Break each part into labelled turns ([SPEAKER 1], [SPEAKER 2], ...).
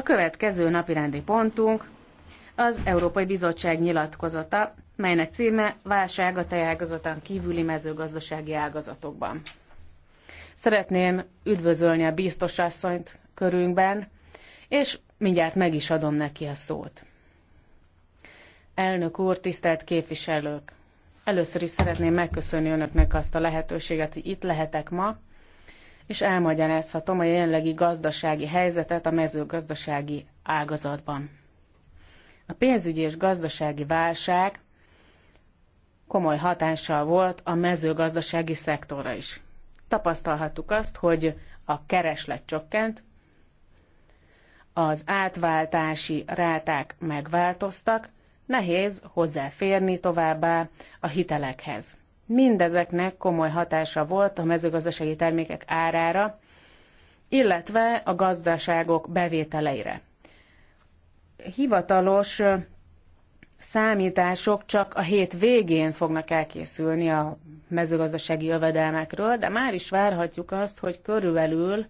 [SPEAKER 1] A következő napirendi pontunk az Európai Bizottság nyilatkozata, melynek címe Válság a tejágazatán kívüli mezőgazdasági ágazatokban. Szeretném üdvözölni a asszonyt körünkben, és mindjárt meg is adom neki a szót. Elnök úr, tisztelt képviselők! Először is szeretném megköszönni önöknek azt a lehetőséget, hogy itt lehetek ma, és elmagyarázhatom a jelenlegi gazdasági helyzetet a mezőgazdasági ágazatban. A pénzügyi és gazdasági válság komoly hatással volt a mezőgazdasági szektorra is. Tapasztalhattuk azt, hogy a kereslet csökkent, az átváltási ráták megváltoztak, nehéz hozzáférni továbbá a hitelekhez. Mindezeknek komoly hatása volt a mezőgazdasági termékek árára, illetve a gazdaságok bevételeire. Hivatalos számítások csak a hét végén fognak elkészülni a mezőgazdasági jövedelmekről, de már is várhatjuk azt, hogy körülbelül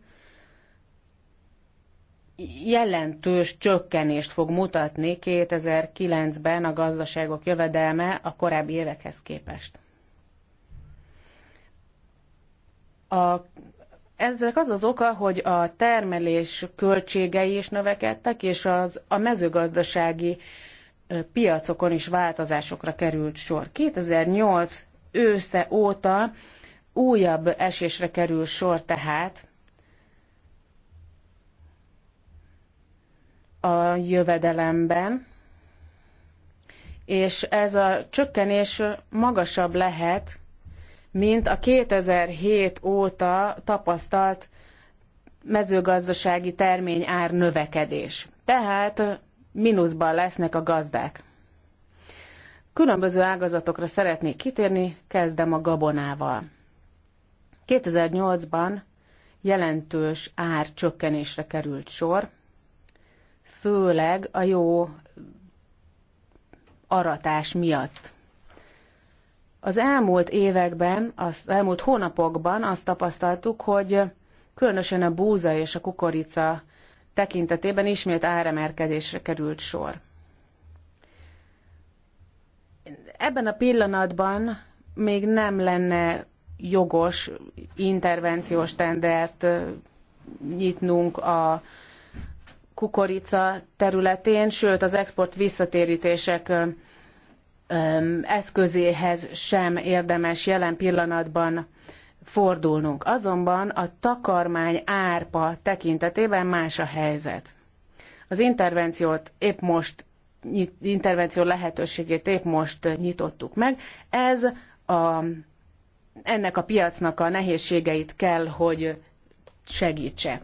[SPEAKER 1] jelentős csökkenést fog mutatni 2009-ben a gazdaságok jövedelme a korábbi évekhez képest. A, ezek az az oka, hogy a termelés költségei is növekedtek, és az, a mezőgazdasági piacokon is változásokra került sor. 2008 ősze óta újabb esésre kerül sor tehát a jövedelemben, és ez a csökkenés magasabb lehet, mint a 2007 óta tapasztalt mezőgazdasági termény ár növekedés. Tehát mínuszban lesznek a gazdák. Különböző ágazatokra szeretnék kitérni, kezdem a gabonával. 2008-ban jelentős ár csökkenésre került sor, főleg a jó aratás miatt. Az elmúlt években, az elmúlt hónapokban azt tapasztaltuk, hogy különösen a búza és a kukorica tekintetében ismét áremelkedésre került sor. Ebben a pillanatban még nem lenne jogos intervenciós tendert nyitnunk a kukorica területén, sőt az export visszatérítések eszközéhez sem érdemes jelen pillanatban fordulnunk. Azonban a takarmány árpa tekintetében más a helyzet. Az intervenciót épp most intervenció lehetőségét épp most nyitottuk meg. Ez a, ennek a piacnak a nehézségeit kell, hogy segítse.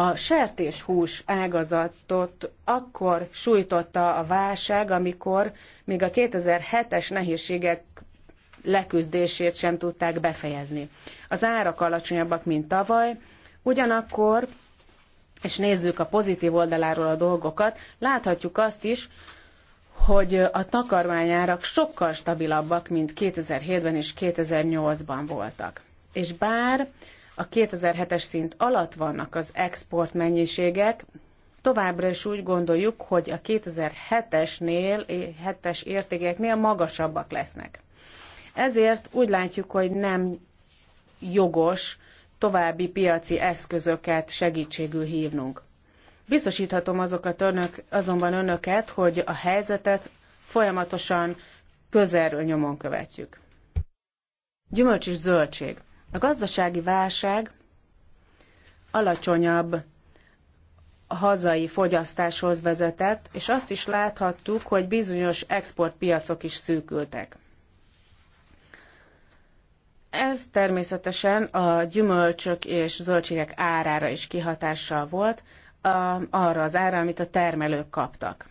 [SPEAKER 1] A sertéshús ágazatot akkor sújtotta a válság, amikor még a 2007-es nehézségek leküzdését sem tudták befejezni. Az árak alacsonyabbak, mint tavaly, ugyanakkor, és nézzük a pozitív oldaláról a dolgokat, láthatjuk azt is, hogy a takarmányárak sokkal stabilabbak, mint 2007-ben és 2008-ban voltak. És bár a 2007-es szint alatt vannak az export mennyiségek, továbbra is úgy gondoljuk, hogy a 2007-esnél, 7-es értékeknél magasabbak lesznek. Ezért úgy látjuk, hogy nem jogos további piaci eszközöket segítségül hívnunk. Biztosíthatom azokat önök, azonban önöket, hogy a helyzetet folyamatosan közelről nyomon követjük. Gyümölcs és zöldség. A gazdasági válság alacsonyabb hazai fogyasztáshoz vezetett, és azt is láthattuk, hogy bizonyos exportpiacok is szűkültek. Ez természetesen a gyümölcsök és zöldségek árára is kihatással volt, arra az ára, amit a termelők kaptak.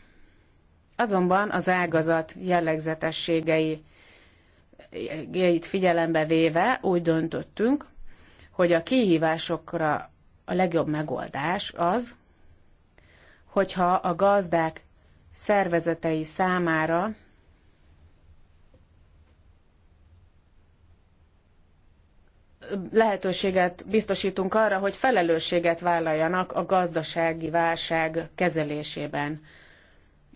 [SPEAKER 1] Azonban az ágazat jellegzetességei szempontjait figyelembe véve úgy döntöttünk, hogy a kihívásokra a legjobb megoldás az, hogyha a gazdák szervezetei számára lehetőséget biztosítunk arra, hogy felelősséget vállaljanak a gazdasági válság kezelésében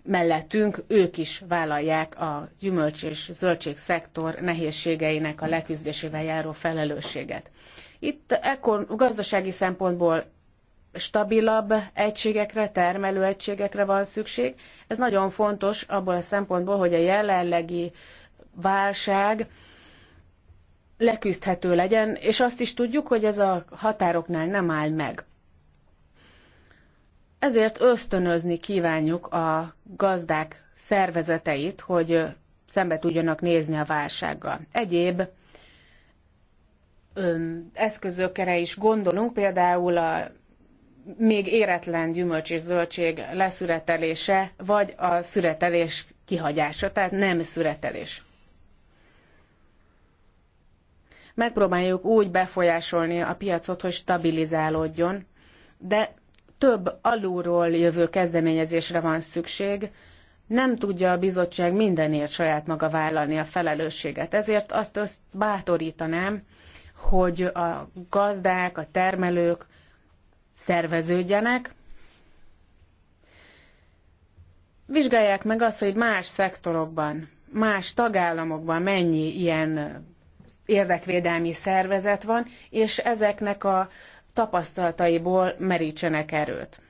[SPEAKER 1] mellettünk ők is vállalják a gyümölcs és zöldség szektor nehézségeinek a leküzdésével járó felelősséget. Itt ekkor gazdasági szempontból stabilabb egységekre, termelő egységekre van szükség. Ez nagyon fontos abból a szempontból, hogy a jelenlegi válság leküzdhető legyen, és azt is tudjuk, hogy ez a határoknál nem áll meg. Ezért ösztönözni kívánjuk a gazdák szervezeteit, hogy szembe tudjanak nézni a válsággal. Egyéb eszközökre is gondolunk, például a még éretlen gyümölcs és zöldség leszüretelése, vagy a szüretelés kihagyása, tehát nem szüretelés. Megpróbáljuk úgy befolyásolni a piacot, hogy stabilizálódjon, de több alulról jövő kezdeményezésre van szükség, nem tudja a bizottság mindenért saját maga vállalni a felelősséget. Ezért azt, azt bátorítanám, hogy a gazdák, a termelők szerveződjenek, vizsgálják meg azt, hogy más szektorokban, más tagállamokban mennyi ilyen érdekvédelmi szervezet van, és ezeknek a tapasztalataiból merítsenek erőt.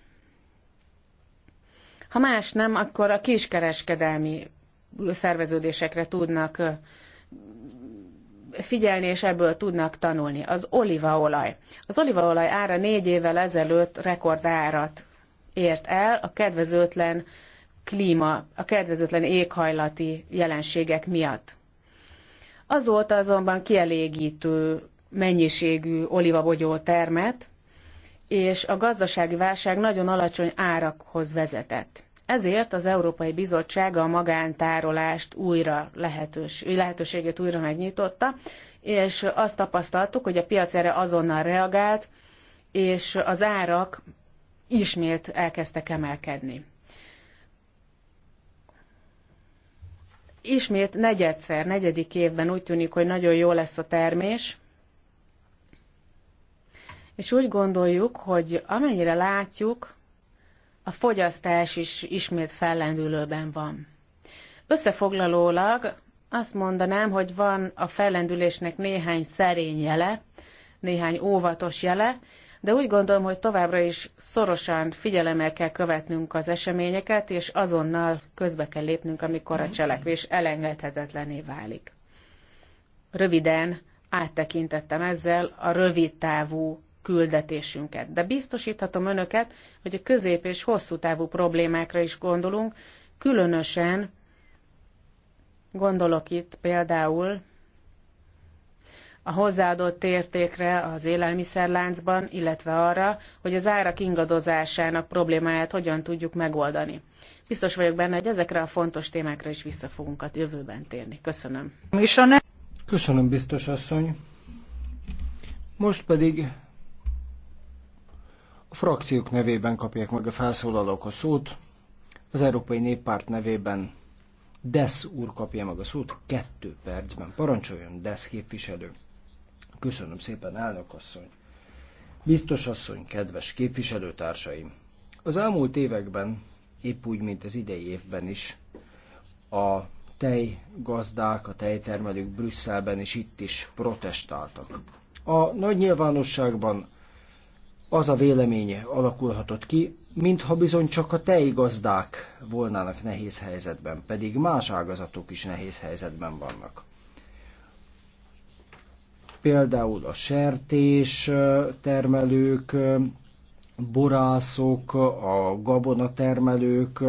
[SPEAKER 1] Ha más nem, akkor a kiskereskedelmi szerveződésekre tudnak figyelni, és ebből tudnak tanulni. Az olívaolaj. Az olívaolaj ára négy évvel ezelőtt rekordárat ért el a kedvezőtlen klíma, a kedvezőtlen éghajlati jelenségek miatt. Azóta azonban kielégítő mennyiségű olivabogyó termet, és a gazdasági válság nagyon alacsony árakhoz vezetett. Ezért az Európai Bizottság a magántárolást újra lehetős, lehetőségét újra megnyitotta, és azt tapasztaltuk, hogy a piac erre azonnal reagált, és az árak ismét elkezdtek emelkedni. Ismét negyedszer, negyedik évben úgy tűnik, hogy nagyon jó lesz a termés, és úgy gondoljuk, hogy amennyire látjuk, a fogyasztás is ismét fellendülőben van. Összefoglalólag azt mondanám, hogy van a fellendülésnek néhány szerény jele, néhány óvatos jele, de úgy gondolom, hogy továbbra is szorosan figyelemmel kell követnünk az eseményeket, és azonnal közbe kell lépnünk, amikor a cselekvés elengedhetetlené válik. Röviden áttekintettem ezzel a rövid távú küldetésünket. De biztosíthatom önöket, hogy a közép és hosszú távú problémákra is gondolunk, különösen gondolok itt például a hozzáadott értékre az élelmiszerláncban, illetve arra, hogy az árak ingadozásának problémáját hogyan tudjuk megoldani. Biztos vagyok benne, hogy ezekre a fontos témákra is vissza fogunk a jövőben térni. Köszönöm.
[SPEAKER 2] Köszönöm, biztos asszony. Most pedig a frakciók nevében kapják meg a felszólalók a szót. Az Európai Néppárt nevében Desz úr kapja meg a szót kettő percben. Parancsoljon Desz képviselő. Köszönöm szépen, elnök asszony. Biztos asszony, kedves képviselőtársaim! Az elmúlt években, épp úgy, mint az idei évben is, a tejgazdák, a tejtermelők Brüsszelben is itt is protestáltak. A nagy nyilvánosságban az a véleménye alakulhatott ki, mintha bizony csak a gazdák volnának nehéz helyzetben, pedig más ágazatok is nehéz helyzetben vannak. Például a sertés termelők, borászok, a gabonatermelők,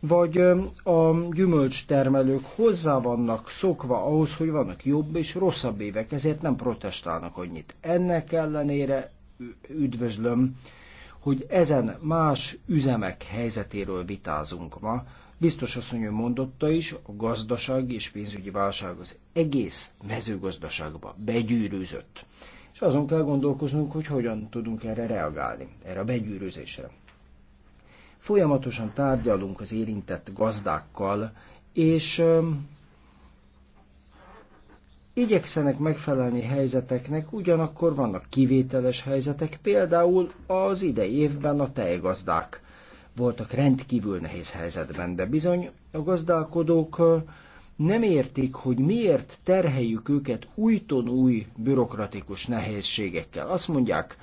[SPEAKER 2] vagy a gyümölcstermelők hozzá vannak szokva ahhoz, hogy vannak jobb és rosszabb évek, ezért nem protestálnak annyit. Ennek ellenére üdvözlöm, hogy ezen más üzemek helyzetéről vitázunk ma. Biztos asszonyom mondotta is, a gazdaság és pénzügyi válság az egész mezőgazdaságba begyűrűzött. És azon kell gondolkoznunk, hogy hogyan tudunk erre reagálni, erre a begyűrűzésre. Folyamatosan tárgyalunk az érintett gazdákkal, és igyekszenek megfelelni helyzeteknek, ugyanakkor vannak kivételes helyzetek, például az idei évben a tejgazdák voltak rendkívül nehéz helyzetben, de bizony a gazdálkodók nem értik, hogy miért terheljük őket újton új bürokratikus nehézségekkel. Azt mondják,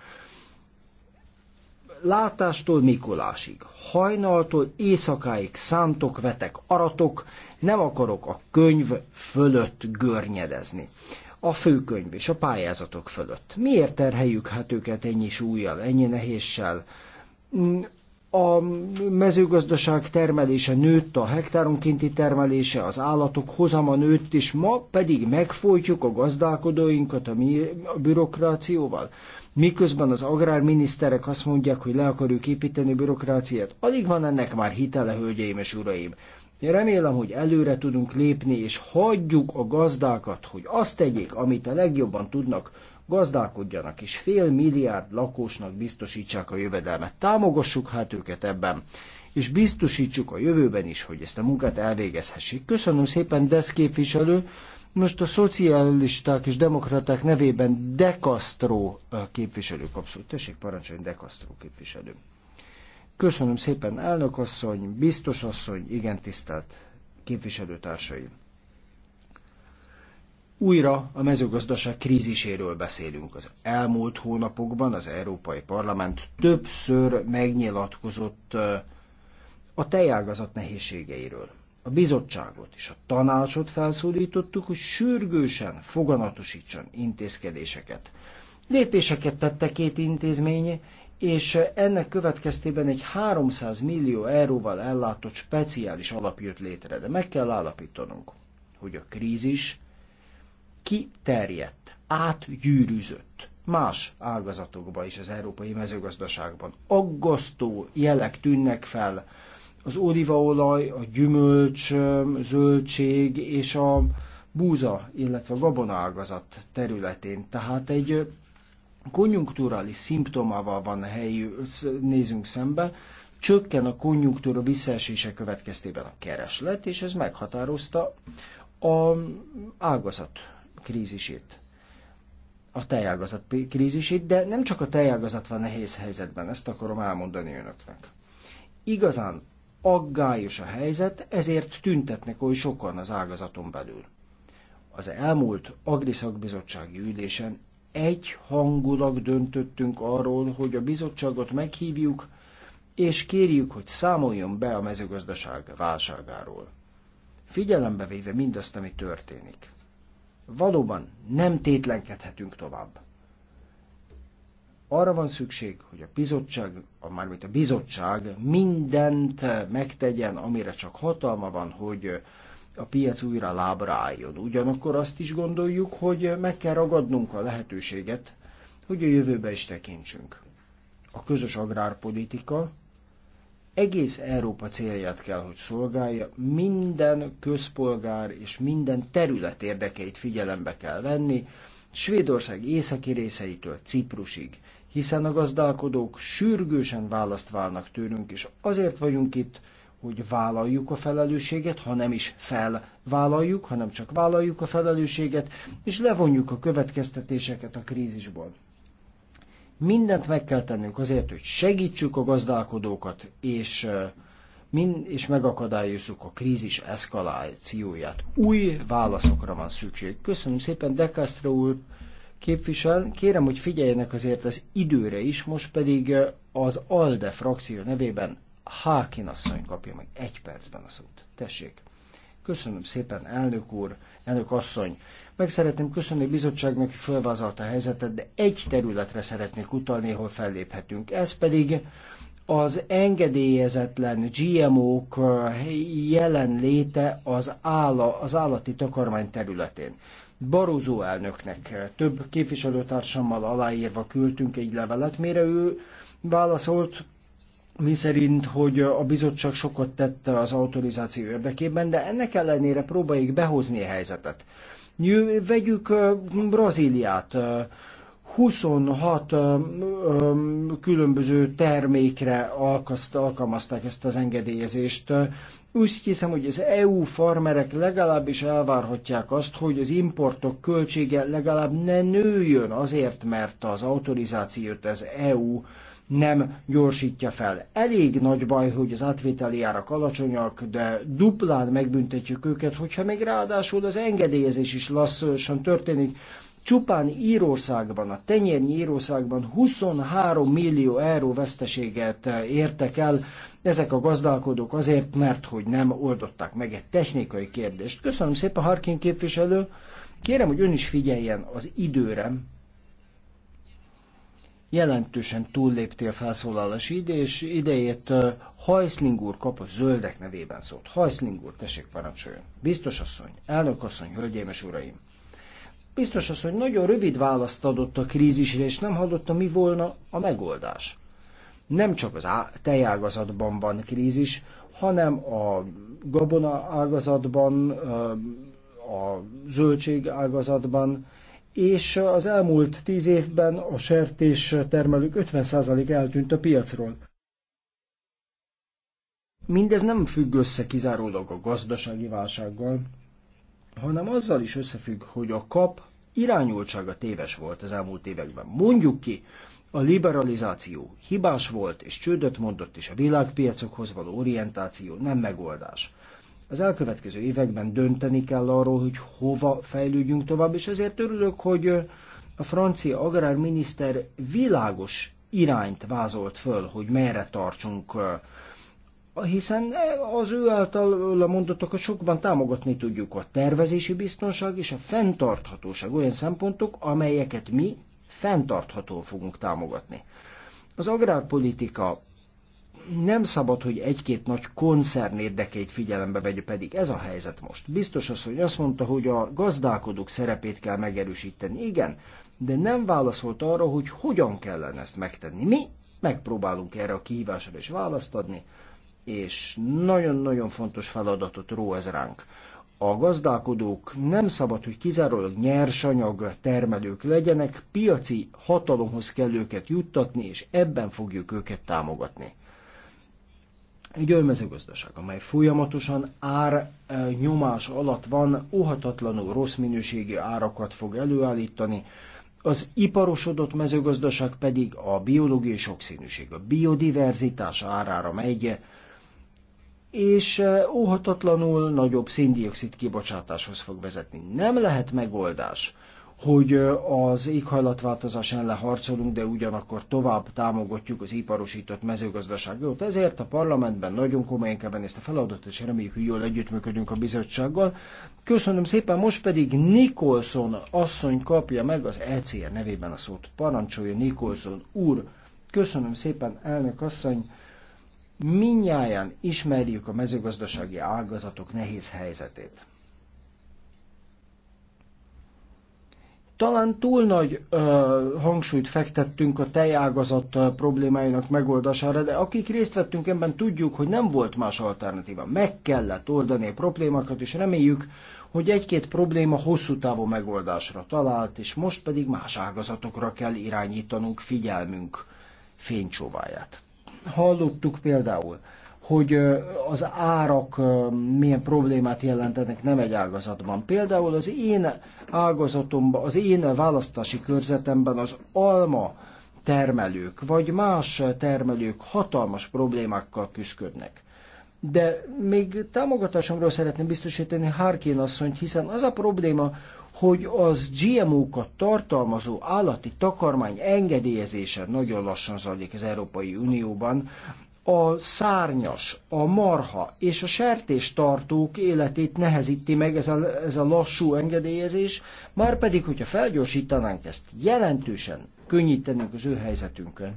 [SPEAKER 2] látástól Mikulásig, hajnaltól éjszakáig szántok, vetek, aratok, nem akarok a könyv fölött görnyedezni. A főkönyv és a pályázatok fölött. Miért terheljük hát őket ennyi súlyjal, ennyi nehézsel? Mm, a mezőgazdaság termelése nőtt, a hektáronkénti termelése, az állatok hozama nőtt, és ma pedig megfolytjuk a gazdálkodóinkat a, mi, a bürokrációval. Miközben az agrárminiszterek azt mondják, hogy le akarjuk építeni a bürokráciát, alig van ennek már hitele, hölgyeim és uraim. Én remélem, hogy előre tudunk lépni, és hagyjuk a gazdákat, hogy azt tegyék, amit a legjobban tudnak, gazdálkodjanak, és fél milliárd lakosnak biztosítsák a jövedelmet. Támogassuk hát őket ebben, és biztosítsuk a jövőben is, hogy ezt a munkát elvégezhessék. Köszönöm szépen, DESZ képviselő! Most a szocialisták és demokraták nevében De Castro képviselő kapszult. Tessék, parancsoljon De Castro képviselő. Köszönöm szépen, elnök asszony, biztos asszony, igen tisztelt képviselőtársaim. Újra a mezőgazdaság kríziséről beszélünk. Az elmúlt hónapokban az Európai Parlament többször megnyilatkozott a tejágazat nehézségeiről. A bizottságot és a tanácsot felszólítottuk, hogy sürgősen foganatosítson intézkedéseket. Lépéseket tette két intézmény, és ennek következtében egy 300 millió euróval ellátott speciális alap jött létre, de meg kell állapítanunk, hogy a krízis kiterjedt, átgyűrűzött más ágazatokba is az európai mezőgazdaságban. Aggasztó jelek tűnnek fel az olívaolaj, a gyümölcs, zöldség és a búza, illetve a gabona ágazat területén. Tehát egy konjunkturális szimptomával van a helyi, nézünk szembe, csökken a konjunktúra visszaesése következtében a kereslet, és ez meghatározta a ágazat krízisét, a tejágazat krízisét, de nem csak a tejágazat van nehéz helyzetben, ezt akarom elmondani önöknek. Igazán aggályos a helyzet, ezért tüntetnek oly sokan az ágazaton belül. Az elmúlt Agriszakbizottsági ülésen egy hangulag döntöttünk arról, hogy a bizottságot meghívjuk, és kérjük, hogy számoljon be a mezőgazdaság válságáról. Figyelembe véve mindazt, ami történik. Valóban nem tétlenkedhetünk tovább. Arra van szükség, hogy a bizottság, a, mármint a bizottság mindent megtegyen, amire csak hatalma van, hogy a piac újra lábra álljon. Ugyanakkor azt is gondoljuk, hogy meg kell ragadnunk a lehetőséget, hogy a jövőbe is tekintsünk. A közös agrárpolitika egész Európa célját kell, hogy szolgálja, minden közpolgár és minden terület érdekeit figyelembe kell venni, Svédország északi részeitől Ciprusig, hiszen a gazdálkodók sürgősen választ válnak tőlünk, és azért vagyunk itt, hogy vállaljuk a felelősséget, ha nem is felvállaljuk, hanem csak vállaljuk a felelősséget, és levonjuk a következtetéseket a krízisból. Mindent meg kell tennünk azért, hogy segítsük a gazdálkodókat, és, és megakadályozzuk a krízis eszkalációját. Új válaszokra van szükség. Köszönöm szépen, De Castro úr képvisel. Kérem, hogy figyeljenek azért az időre is, most pedig az ALDE frakció nevében Hákin asszony kapja meg egy percben a szót. Tessék! Köszönöm szépen, elnök úr, elnök asszony. Meg szeretném köszönni a bizottságnak, hogy felvázolta a helyzetet, de egy területre szeretnék utalni, hol felléphetünk. Ez pedig az engedélyezetlen GMO-k jelenléte az, ála, az állati takarmány területén. Barózó elnöknek több képviselőtársammal aláírva küldtünk egy levelet, mire ő válaszolt, mi szerint, hogy a bizottság sokat tette az autorizáció érdekében, de ennek ellenére próbáljuk behozni a helyzetet. Vegyük Brazíliát. 26 különböző termékre alkalmazták ezt az engedélyezést. Úgy hiszem, hogy az EU farmerek legalábbis elvárhatják azt, hogy az importok költsége legalább ne nőjön azért, mert az autorizációt az EU nem gyorsítja fel. Elég nagy baj, hogy az átvételi árak alacsonyak, de duplán megbüntetjük őket, hogyha még ráadásul az engedélyezés is lassan történik. Csupán Írországban, a tenyérnyi Írországban 23 millió euró veszteséget eh, értek el ezek a gazdálkodók azért, mert hogy nem oldották meg egy technikai kérdést. Köszönöm szépen, Harkin képviselő. Kérem, hogy ön is figyeljen az időre, jelentősen túlléptél felszólalási és idejét Hajszling úr kap a zöldek nevében szólt. Hajszling úr, tessék parancsoljon. Biztos asszony, elnök asszony, hölgyeim és uraim. Biztos asszony nagyon rövid választ adott a krízisre, és nem hallotta, mi volna a megoldás. Nem csak az tejágazatban van krízis, hanem a gabona ágazatban, a zöldség ágazatban, és az elmúlt tíz évben a sertés termelők 50% eltűnt a piacról. Mindez nem függ össze kizárólag a gazdasági válsággal, hanem azzal is összefügg, hogy a kap irányultsága téves volt az elmúlt években. Mondjuk ki, a liberalizáció hibás volt és csődöt mondott, és a világpiacokhoz való orientáció nem megoldás. Az elkövetkező években dönteni kell arról, hogy hova fejlődjünk tovább, és ezért örülök, hogy a francia agrárminiszter világos irányt vázolt föl, hogy merre tartsunk, hiszen az ő által mondottakat sokban támogatni tudjuk a tervezési biztonság és a fenntarthatóság olyan szempontok, amelyeket mi fenntarthatóan fogunk támogatni. Az agrárpolitika nem szabad, hogy egy-két nagy koncern érdekeit figyelembe vegyük, pedig ez a helyzet most. Biztos az, hogy azt mondta, hogy a gazdálkodók szerepét kell megerősíteni. Igen, de nem válaszolt arra, hogy hogyan kellene ezt megtenni. Mi megpróbálunk erre a kihívásra is választ adni, és nagyon-nagyon fontos feladatot ró ez ránk. A gazdálkodók nem szabad, hogy kizárólag nyersanyag termelők legyenek, piaci hatalomhoz kell őket juttatni, és ebben fogjuk őket támogatni. Egy olyan mezőgazdaság, amely folyamatosan ár e, nyomás alatt van, óhatatlanul rossz minőségi árakat fog előállítani, az iparosodott mezőgazdaság pedig a biológiai sokszínűség, a biodiverzitás árára megy, és e, óhatatlanul nagyobb széndiokszid kibocsátáshoz fog vezetni. Nem lehet megoldás, hogy az éghajlatváltozás ellen harcolunk, de ugyanakkor tovább támogatjuk az iparosított mezőgazdaságot. Ezért a parlamentben nagyon komolyan kell venni ezt a feladatot, és reméljük, hogy jól együttműködünk a bizottsággal. Köszönöm szépen, most pedig Nikolson asszony kapja meg az ECR nevében a szót. Parancsolja Nikolson úr. Köszönöm szépen, elnök asszony. Minnyáján ismerjük a mezőgazdasági ágazatok nehéz helyzetét Talán túl nagy ö, hangsúlyt fektettünk a tejágazat problémáinak megoldására, de akik részt vettünk ebben, tudjuk, hogy nem volt más alternatíva. Meg kellett oldani a problémákat, és reméljük, hogy egy-két probléma hosszú távú megoldásra talált, és most pedig más ágazatokra kell irányítanunk figyelmünk fénycsóváját. Hallottuk például, hogy az árak milyen problémát jelentenek nem egy ágazatban. Például az én ágazatomban, az én választási körzetemben az alma termelők, vagy más termelők hatalmas problémákkal küzdködnek. De még támogatásomról szeretném biztosítani Harkin asszonyt, hiszen az a probléma, hogy az GMO-kat tartalmazó állati takarmány engedélyezése nagyon lassan zajlik az Európai Unióban a szárnyas, a marha és a sertéstartók életét nehezíti meg ez a, ez a lassú engedélyezés, már pedig, hogyha felgyorsítanánk ezt, jelentősen könnyítenünk az ő helyzetünkön.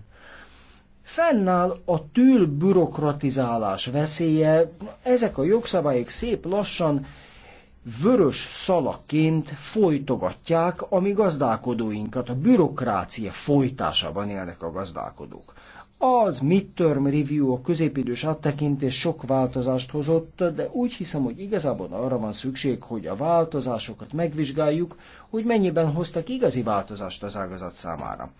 [SPEAKER 2] Fennáll a tűl bürokratizálás veszélye, ezek a jogszabályok szép lassan vörös szalakként folytogatják a mi gazdálkodóinkat, a bürokrácia folytásában élnek a gazdálkodók. Az midterm review, a középidős áttekintés sok változást hozott, de úgy hiszem, hogy igazából arra van szükség, hogy a változásokat megvizsgáljuk, hogy mennyiben hoztak igazi változást az ágazat számára.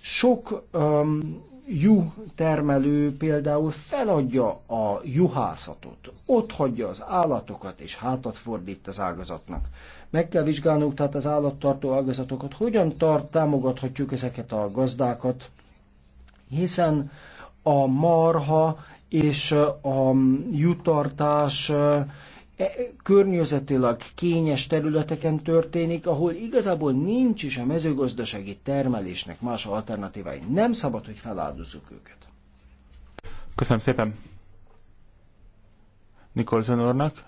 [SPEAKER 2] Sok um, juh termelő például feladja a juhászatot, ott hagyja az állatokat, és hátat fordít az ágazatnak. Meg kell vizsgálnunk tehát az állattartó ágazatokat, hogyan tart, támogathatjuk ezeket a gazdákat, hiszen a marha és a jutartás e, környezetileg kényes területeken történik, ahol igazából nincs is a mezőgazdasági termelésnek más alternatívái. Nem szabad, hogy feláldozzuk őket.
[SPEAKER 3] Köszönöm szépen Nikolson úrnak.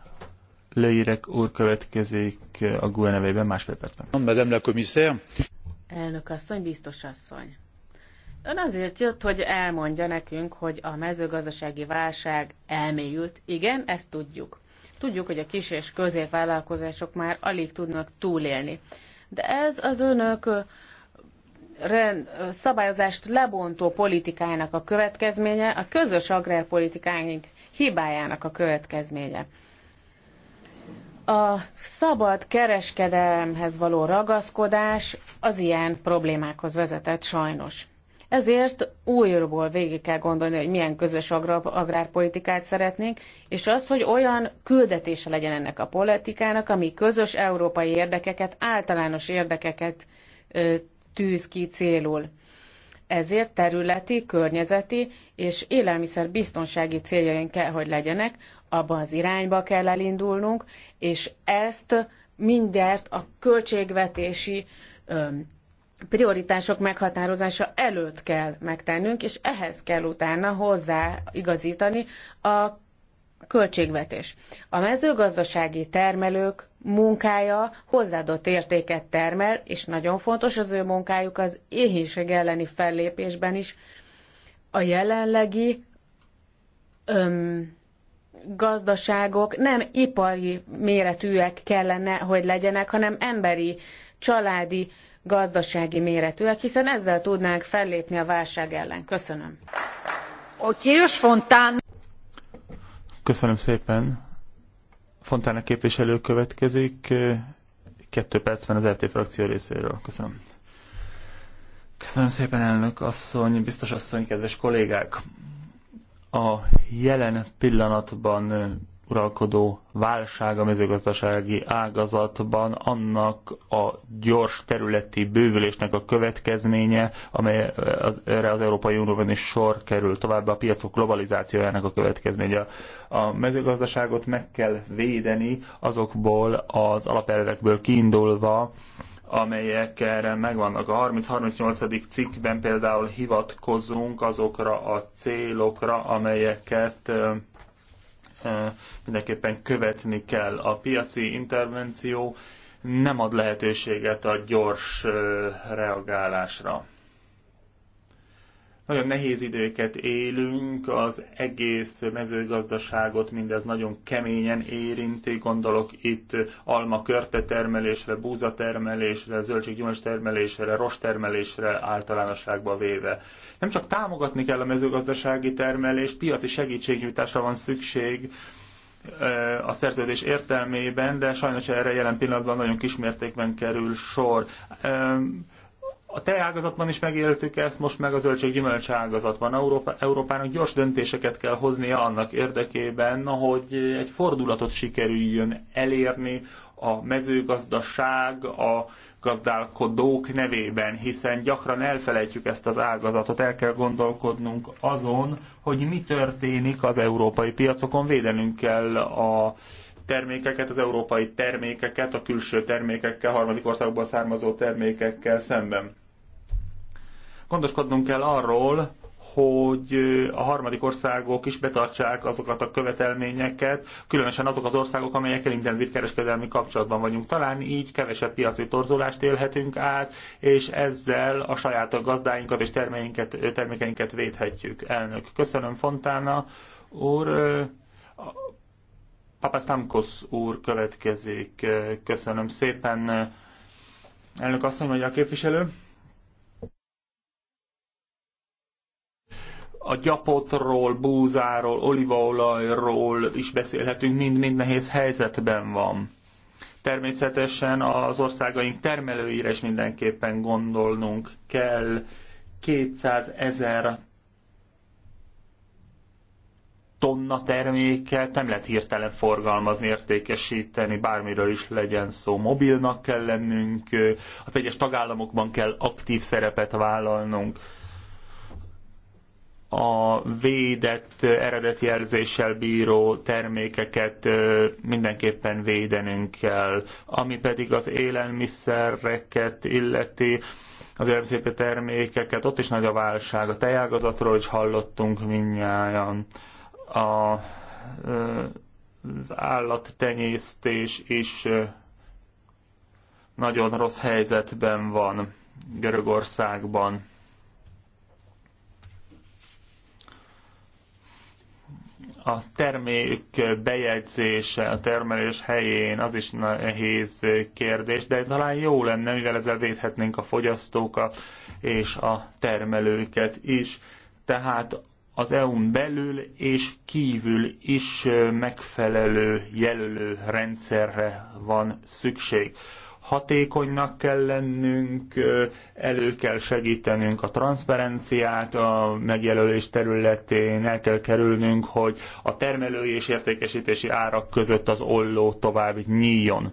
[SPEAKER 3] Leírek úr következik a GUE nevében másfél percben. Madame la commissaire.
[SPEAKER 1] Elnök asszony, biztos asszony. Ön azért jött, hogy elmondja nekünk, hogy a mezőgazdasági válság elmélyült. Igen, ezt tudjuk. Tudjuk, hogy a kis és középvállalkozások már alig tudnak túlélni. De ez az önök szabályozást lebontó politikájának a következménye, a közös agrárpolitikáink hibájának a következménye. A szabad kereskedelemhez való ragaszkodás az ilyen problémákhoz vezetett sajnos. Ezért újról végig kell gondolni, hogy milyen közös agrárpolitikát szeretnénk, és az, hogy olyan küldetése legyen ennek a politikának, ami közös európai érdekeket, általános érdekeket tűz ki célul. Ezért területi, környezeti és élelmiszerbiztonsági céljaink kell, hogy legyenek, abban az irányba kell elindulnunk, és ezt mindjárt a költségvetési prioritások meghatározása előtt kell megtennünk, és ehhez kell utána hozzá igazítani a költségvetés. A mezőgazdasági termelők munkája hozzáadott értéket termel, és nagyon fontos az ő munkájuk az éhénység elleni fellépésben is. A jelenlegi öm, gazdaságok nem ipari méretűek kellene, hogy legyenek, hanem emberi, családi, gazdasági méretűek, hiszen ezzel tudnánk fellépni a válság ellen. Köszönöm.
[SPEAKER 3] Köszönöm szépen. Fontána képviselő következik. Kettő perc van az RT frakció részéről. Köszönöm. Köszönöm szépen, elnök asszony, biztos asszony, kedves kollégák! A jelen pillanatban uralkodó válság a mezőgazdasági ágazatban annak a gyors területi bővülésnek a következménye, amely az, erre az Európai Unióban is sor kerül, továbbá a piacok globalizációjának a következménye. A mezőgazdaságot meg kell védeni azokból az alapelvekből kiindulva, amelyek erre megvannak. A 30-38. cikkben például hivatkozunk azokra a célokra, amelyeket mindenképpen követni kell. A piaci intervenció nem ad lehetőséget a gyors reagálásra. Nagyon nehéz időket élünk, az egész mezőgazdaságot mindez nagyon keményen érinti, gondolok itt alma körte termelésre, búza termelésre, zöldséggyümölcs termelésre, rost termelésre általánosságba véve. Nem csak támogatni kell a mezőgazdasági termelést, piaci segítségnyújtásra van szükség, a szerződés értelmében, de sajnos erre jelen pillanatban nagyon kismértékben kerül sor. A tejágazatban is megéltük ezt, most meg a zöldséggyümölcs ágazatban. Európa, Európának gyors döntéseket kell hoznia annak érdekében, hogy egy fordulatot sikerüljön elérni a mezőgazdaság, a gazdálkodók nevében, hiszen gyakran elfelejtjük ezt az ágazatot, el kell gondolkodnunk azon, hogy mi történik az európai piacokon, védenünk kell a termékeket, az európai termékeket, a külső termékekkel, harmadik országokból származó termékekkel szemben gondoskodnunk kell arról, hogy a harmadik országok is betartsák azokat a követelményeket, különösen azok az országok, amelyekkel intenzív kereskedelmi kapcsolatban vagyunk. Talán így kevesebb piaci torzulást élhetünk át, és ezzel a saját gazdáinkat és termékeinket, termékeinket védhetjük. Elnök, köszönöm Fontána úr. Papasztamkos úr következik. Köszönöm szépen. Elnök asszony, vagy a képviselő. a gyapotról, búzáról, olívaolajról is beszélhetünk, mind-mind nehéz helyzetben van. Természetesen az országaink termelőire is mindenképpen gondolnunk kell. 200 ezer tonna terméket nem lehet hirtelen forgalmazni, értékesíteni, bármiről is legyen szó. Mobilnak kell lennünk, az egyes tagállamokban kell aktív szerepet vállalnunk a védett eredetjelzéssel bíró termékeket mindenképpen védenünk kell. Ami pedig az élelmiszereket illeti, az RCP termékeket, ott is nagy a válság. A tejágazatról is hallottunk mindnyájan. A, az állattenyésztés is nagyon rossz helyzetben van Görögországban a termék bejegyzése a termelés helyén, az is nehéz kérdés, de talán jó lenne, mivel ezzel védhetnénk a fogyasztókat és a termelőket is. Tehát az EU-n belül és kívül is megfelelő jelölő rendszerre van szükség hatékonynak kell lennünk, elő kell segítenünk a transzparenciát a megjelölés területén, el kell kerülnünk, hogy a termelői és értékesítési árak között az olló tovább nyíljon.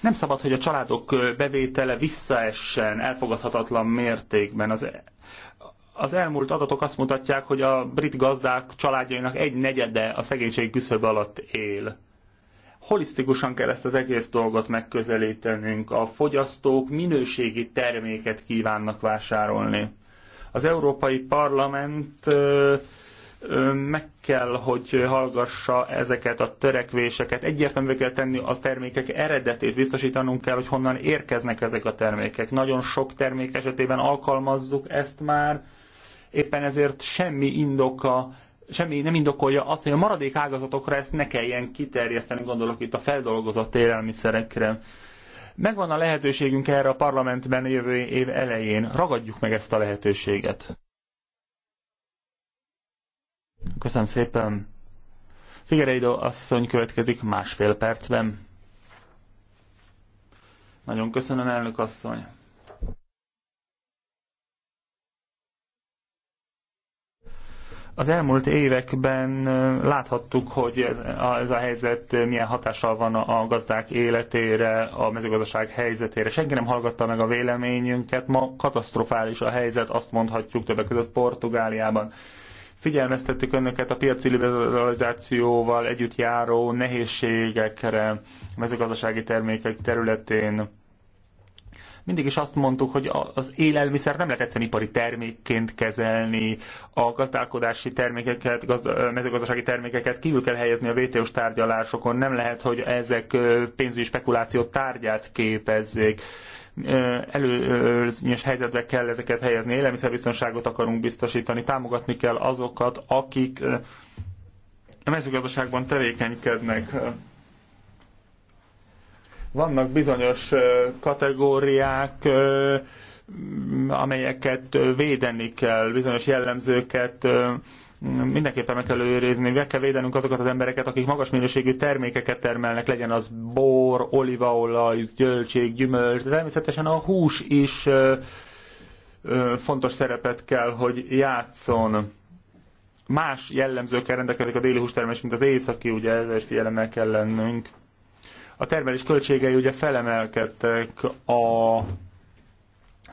[SPEAKER 3] Nem szabad, hogy a családok bevétele visszaessen elfogadhatatlan mértékben. Az, e- az elmúlt adatok azt mutatják, hogy a brit gazdák családjainak egy negyede a szegénység küszöb alatt él. Holisztikusan kell ezt az egész dolgot megközelítenünk. A fogyasztók minőségi terméket kívánnak vásárolni. Az Európai Parlament meg kell, hogy hallgassa ezeket a törekvéseket. Egyértelművé kell tenni a termékek eredetét, biztosítanunk kell, hogy honnan érkeznek ezek a termékek. Nagyon sok termék esetében alkalmazzuk ezt már, éppen ezért semmi indoka semmi nem indokolja azt, hogy a maradék ágazatokra ezt ne kelljen kiterjeszteni, gondolok itt a feldolgozott élelmiszerekre. Megvan a lehetőségünk erre a parlamentben jövő év elején. Ragadjuk meg ezt a lehetőséget. Köszönöm szépen. Figueiredo asszony következik másfél percben. Nagyon köszönöm, elnök asszony. Az elmúlt években láthattuk, hogy ez, ez a helyzet milyen hatással van a gazdák életére, a mezőgazdaság helyzetére. Senki nem hallgatta meg a véleményünket. Ma katasztrofális a helyzet, azt mondhatjuk többek között Portugáliában. Figyelmeztettük önöket a piaci liberalizációval együtt járó nehézségekre mezőgazdasági termékek területén mindig is azt mondtuk, hogy az élelmiszer nem lehet egyszerűen ipari termékként kezelni, a gazdálkodási termékeket, gazda, mezőgazdasági termékeket kívül kell helyezni a WTO-s tárgyalásokon, nem lehet, hogy ezek pénzügyi spekuláció tárgyát képezzék előzményes helyzetbe kell ezeket helyezni, élelmiszerbiztonságot akarunk biztosítani, támogatni kell azokat, akik a mezőgazdaságban tevékenykednek. Vannak bizonyos kategóriák, amelyeket védeni kell, bizonyos jellemzőket mindenképpen meg kell őrizni, meg kell védenünk azokat az embereket, akik magas minőségű termékeket termelnek, legyen az bor, olívaolaj, gyöltség, gyümölcs, de természetesen a hús is fontos szerepet kell, hogy játszon. Más jellemzőkkel rendelkezik a déli hústermés, mint az északi, ugye ezzel figyelemmel kell lennünk. A termelés költségei ugye felemelkedtek, a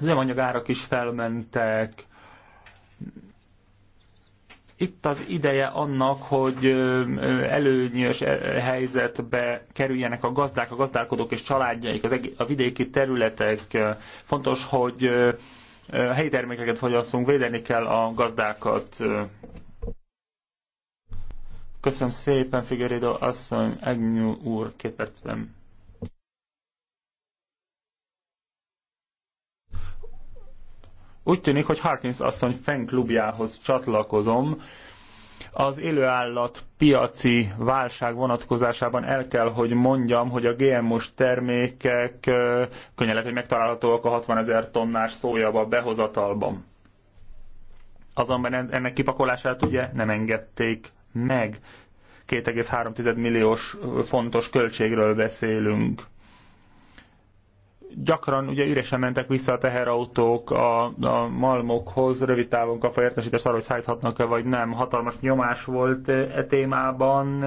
[SPEAKER 3] üzemanyag árak is felmentek. Itt az ideje annak, hogy előnyös helyzetbe kerüljenek a gazdák, a gazdálkodók és családjaik, az a vidéki területek. Fontos, hogy helyi termékeket fogyasszunk, védeni kell a gazdákat. Köszönöm szépen, Figueredo asszony, Agnew úr, két percben. Úgy tűnik, hogy Harkins asszony fanklubjához csatlakozom. Az élőállat piaci válság vonatkozásában el kell, hogy mondjam, hogy a GMO-s termékek könnyen lehet, hogy megtalálhatóak a 60 ezer tonnás szójaba behozatalban. Azonban ennek kipakolását ugye nem engedték meg. 2,3 milliós fontos költségről beszélünk gyakran ugye üresen mentek vissza a teherautók a, a malmokhoz, rövid távon kapva értesítést arra, hogy szállíthatnak-e vagy nem. Hatalmas nyomás volt e témában,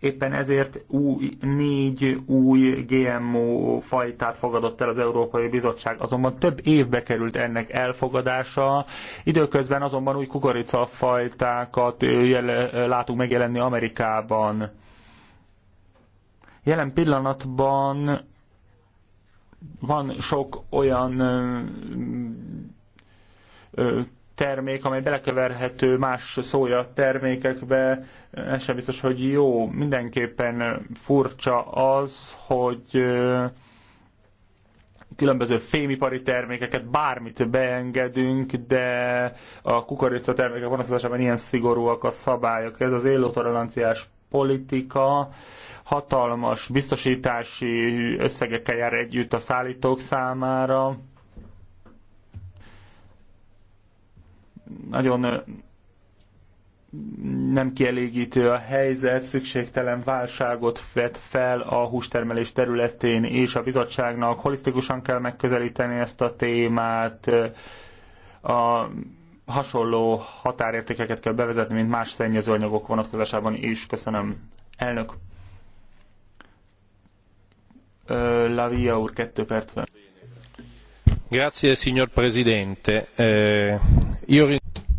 [SPEAKER 3] éppen ezért új, négy új GMO fajtát fogadott el az Európai Bizottság, azonban több évbe került ennek elfogadása, időközben azonban új kukoricafajtákat jel, látunk megjelenni Amerikában. Jelen pillanatban van sok olyan termék, amely belekeverhető más szója termékekbe, ez sem biztos, hogy jó. Mindenképpen furcsa az, hogy különböző fémipari termékeket, bármit beengedünk, de a kukorica termékek vonatkozásában ilyen szigorúak a szabályok. Ez az toleranciás politika hatalmas biztosítási összegekkel jár együtt a szállítók számára. Nagyon nem kielégítő a helyzet, szükségtelen válságot vet fel a hústermelés területén, és a bizottságnak holisztikusan kell megközelíteni ezt a témát. A hasonló határértékeket kell bevezetni, mint más szennyezőanyagok vonatkozásában is. Köszönöm, elnök. Via úr, kettő van.
[SPEAKER 4] Grazie, signor Presidente.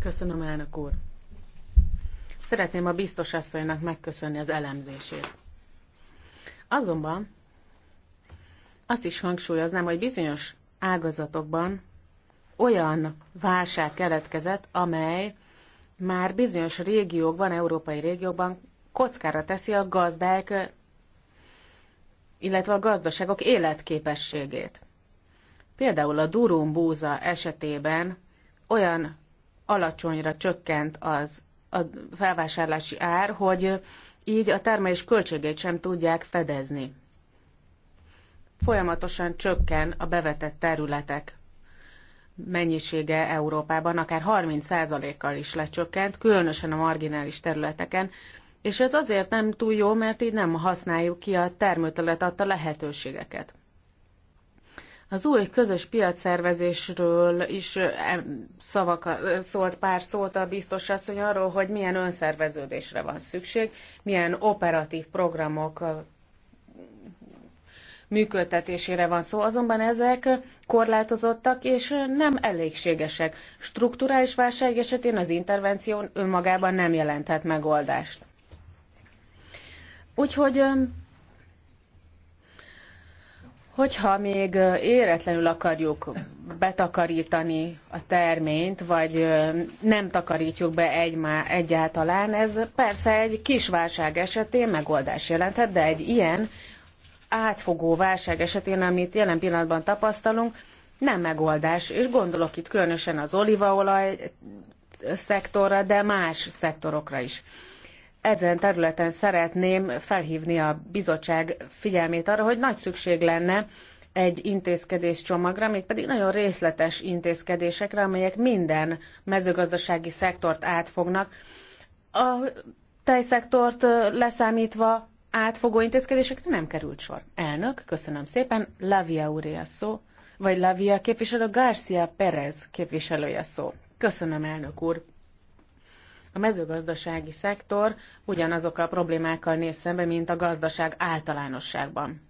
[SPEAKER 1] Köszönöm, elnök úr. Szeretném a biztos asszonynak megköszönni az elemzését. Azonban azt is hangsúlyoznám, hogy bizonyos ágazatokban olyan válság keletkezett, amely már bizonyos régiókban, európai régiókban kockára teszi a gazdák, illetve a gazdaságok életképességét. Például a durum búza esetében olyan alacsonyra csökkent az a felvásárlási ár, hogy így a termelés költségét sem tudják fedezni. Folyamatosan csökken a bevetett területek mennyisége Európában akár 30%-kal is lecsökkent, különösen a marginális területeken, és ez azért nem túl jó, mert így nem használjuk ki a termőtelet adta lehetőségeket. Az új közös piacszervezésről is szavak, szólt pár szót a biztos asszony arról, hogy milyen önszerveződésre van szükség, milyen operatív programok működtetésére van szó, azonban ezek korlátozottak és nem elégségesek. Strukturális válság esetén az intervenció önmagában nem jelenthet megoldást. Úgyhogy hogyha még éretlenül akarjuk betakarítani a terményt, vagy nem takarítjuk be egymá, egyáltalán, ez persze egy kis válság esetén megoldás jelenthet, de egy ilyen átfogó válság esetén, amit jelen pillanatban tapasztalunk, nem megoldás, és gondolok itt különösen az olívaolaj szektorra, de más szektorokra is. Ezen területen szeretném felhívni a bizottság figyelmét arra, hogy nagy szükség lenne egy intézkedés csomagra, mégpedig nagyon részletes intézkedésekre, amelyek minden mezőgazdasági szektort átfognak. A tejszektort leszámítva átfogó intézkedésekre nem került sor. Elnök, köszönöm szépen, Lavia úré szó, vagy Lavia képviselő, Garcia Perez képviselője szó. Köszönöm, elnök úr. A mezőgazdasági szektor ugyanazokkal a problémákkal néz szembe, mint a gazdaság általánosságban.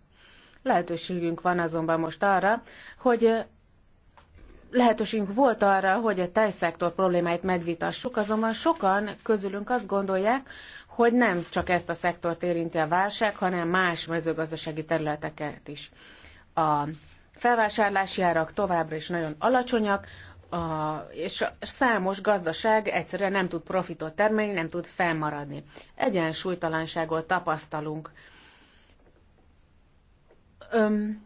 [SPEAKER 1] Lehetőségünk van azonban most arra, hogy lehetőségünk volt arra, hogy a tejszektor problémáit megvitassuk, azonban sokan közülünk azt gondolják, hogy nem csak ezt a szektort érinti a válság, hanem más mezőgazdasági területeket is. A felvásárlási árak továbbra is nagyon alacsonyak, a, és a számos gazdaság egyszerűen nem tud profitot termelni, nem tud felmaradni. Egyensúlytalanságot tapasztalunk. Öm,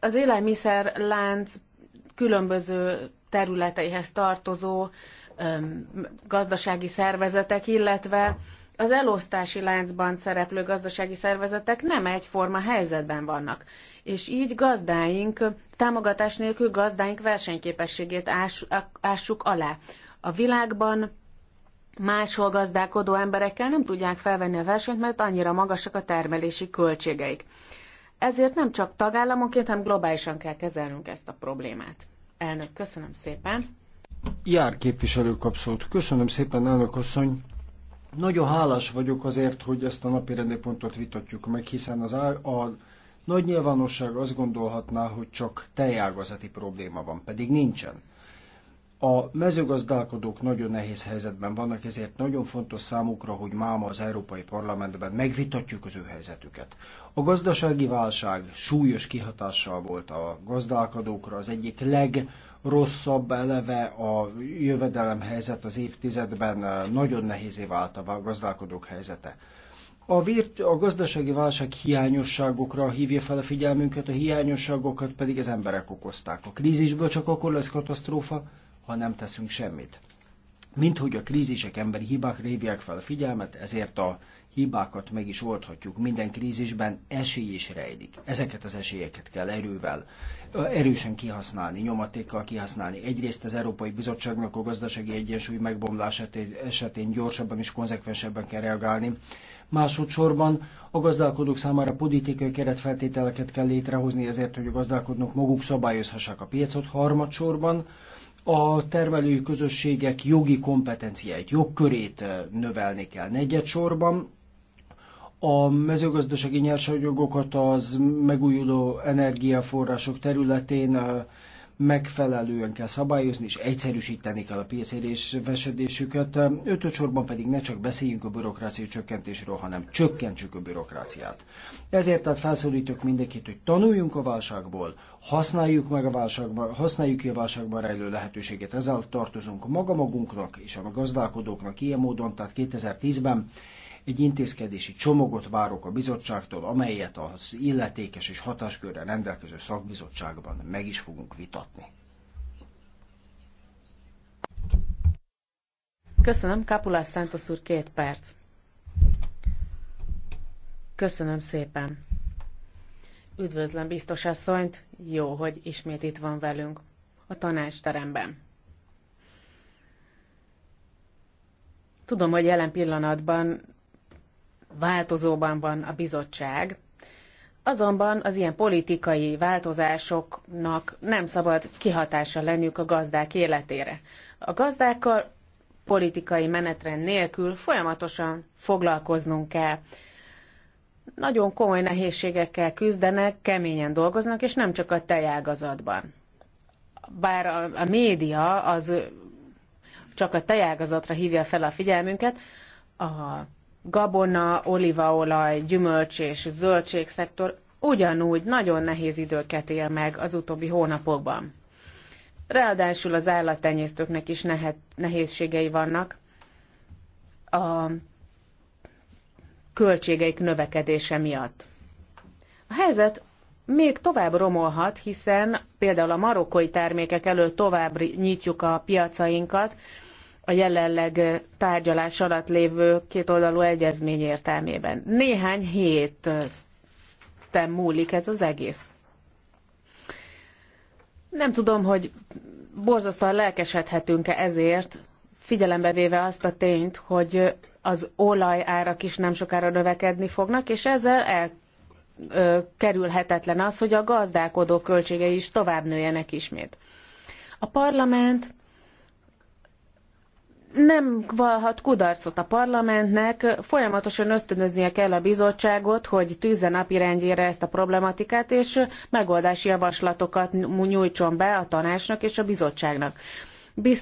[SPEAKER 1] az élelmiszerlánc különböző területeihez tartozó gazdasági szervezetek, illetve az elosztási láncban szereplő gazdasági szervezetek nem egyforma helyzetben vannak, és így gazdáink, támogatás nélkül gazdáink versenyképességét ássuk alá. A világban máshol gazdálkodó emberekkel nem tudják felvenni a versenyt, mert annyira magasak a termelési költségeik. Ezért nem csak tagállamonként, hanem globálisan kell kezelnünk ezt a problémát. Elnök, köszönöm szépen. Jár
[SPEAKER 2] képviselő kapszót. Köszönöm szépen, elnök asszony. Nagyon hálás vagyok azért, hogy ezt a napi pontot vitatjuk meg, hiszen az á, a nagy nyilvánosság azt gondolhatná, hogy csak teljágazati probléma van, pedig nincsen. A mezőgazdálkodók nagyon nehéz helyzetben vannak, ezért nagyon fontos számukra, hogy máma az Európai Parlamentben megvitatjuk az ő helyzetüket. A gazdasági válság súlyos kihatással volt a gazdálkodókra, az egyik legrosszabb eleve a jövedelem helyzet az évtizedben nagyon nehézé vált a gazdálkodók helyzete. A, virt, a gazdasági válság hiányosságokra hívja fel a figyelmünket, a hiányosságokat pedig az emberek okozták. A krízisből csak akkor lesz katasztrófa, ha nem teszünk semmit. Mint hogy a krízisek emberi hibák révják fel a figyelmet, ezért a hibákat meg is oldhatjuk. Minden krízisben esély is rejlik. Ezeket az esélyeket kell erővel erősen kihasználni, nyomatékkal kihasználni. Egyrészt az Európai Bizottságnak a gazdasági egyensúly megbomlását esetén gyorsabban és konzekvensebben kell reagálni. Másodszorban a gazdálkodók számára politikai keretfeltételeket kell létrehozni, ezért, hogy a gazdálkodók maguk szabályozhassák a piacot. Harmadsorban a termelői közösségek jogi kompetenciáit, jogkörét növelni kell. Negyedsorban a mezőgazdasági nyersanyagokat az megújuló energiaforrások területén megfelelően kell szabályozni, és egyszerűsíteni kell a piacérés vesedésüket. Ötösorban pedig ne csak beszéljünk a bürokrácia csökkentésről, hanem csökkentsük a bürokráciát. Ezért tehát felszólítok mindenkit, hogy tanuljunk a válságból, használjuk meg a válságban, használjuk ki a válságban rejlő lehetőséget. Ezzel tartozunk maga magunknak és a gazdálkodóknak ilyen módon, tehát 2010-ben egy intézkedési csomagot várok a bizottságtól, amelyet az illetékes és hatáskörre rendelkező szakbizottságban meg is fogunk vitatni.
[SPEAKER 1] Köszönöm, Kapulás Szentos úr, két perc. Köszönöm szépen. Üdvözlöm, biztos asszonyt. Jó, hogy ismét itt van velünk a tanácsteremben. Tudom, hogy jelen pillanatban változóban van a bizottság, azonban az ilyen politikai változásoknak nem szabad kihatása lenniük a gazdák életére. A gazdákkal politikai menetrend nélkül folyamatosan foglalkoznunk kell. Nagyon komoly nehézségekkel küzdenek, keményen dolgoznak, és nem csak a tejágazatban. Bár a, a média az csak a tejágazatra hívja fel a figyelmünket, a gabona, olívaolaj, gyümölcs és zöldségszektor ugyanúgy nagyon nehéz időket él meg az utóbbi hónapokban. Ráadásul az állattenyésztőknek is nehet, nehézségei vannak. A költségeik növekedése miatt. A helyzet még tovább romolhat, hiszen például a marokkói termékek előtt tovább nyitjuk a piacainkat, a jelenleg tárgyalás alatt lévő kétoldalú egyezmény értelmében. Néhány hét múlik ez az egész. Nem tudom, hogy borzasztóan lelkesedhetünk-e ezért, figyelembe véve azt a tényt, hogy az árak is nem sokára növekedni fognak, és ezzel elkerülhetetlen az, hogy a gazdálkodó költségei is tovább nőjenek ismét. A parlament nem valhat kudarcot a parlamentnek, folyamatosan ösztönöznie kell a bizottságot, hogy tűzze napirendjére ezt a problematikát, és megoldási javaslatokat nyújtson be a tanácsnak és a bizottságnak.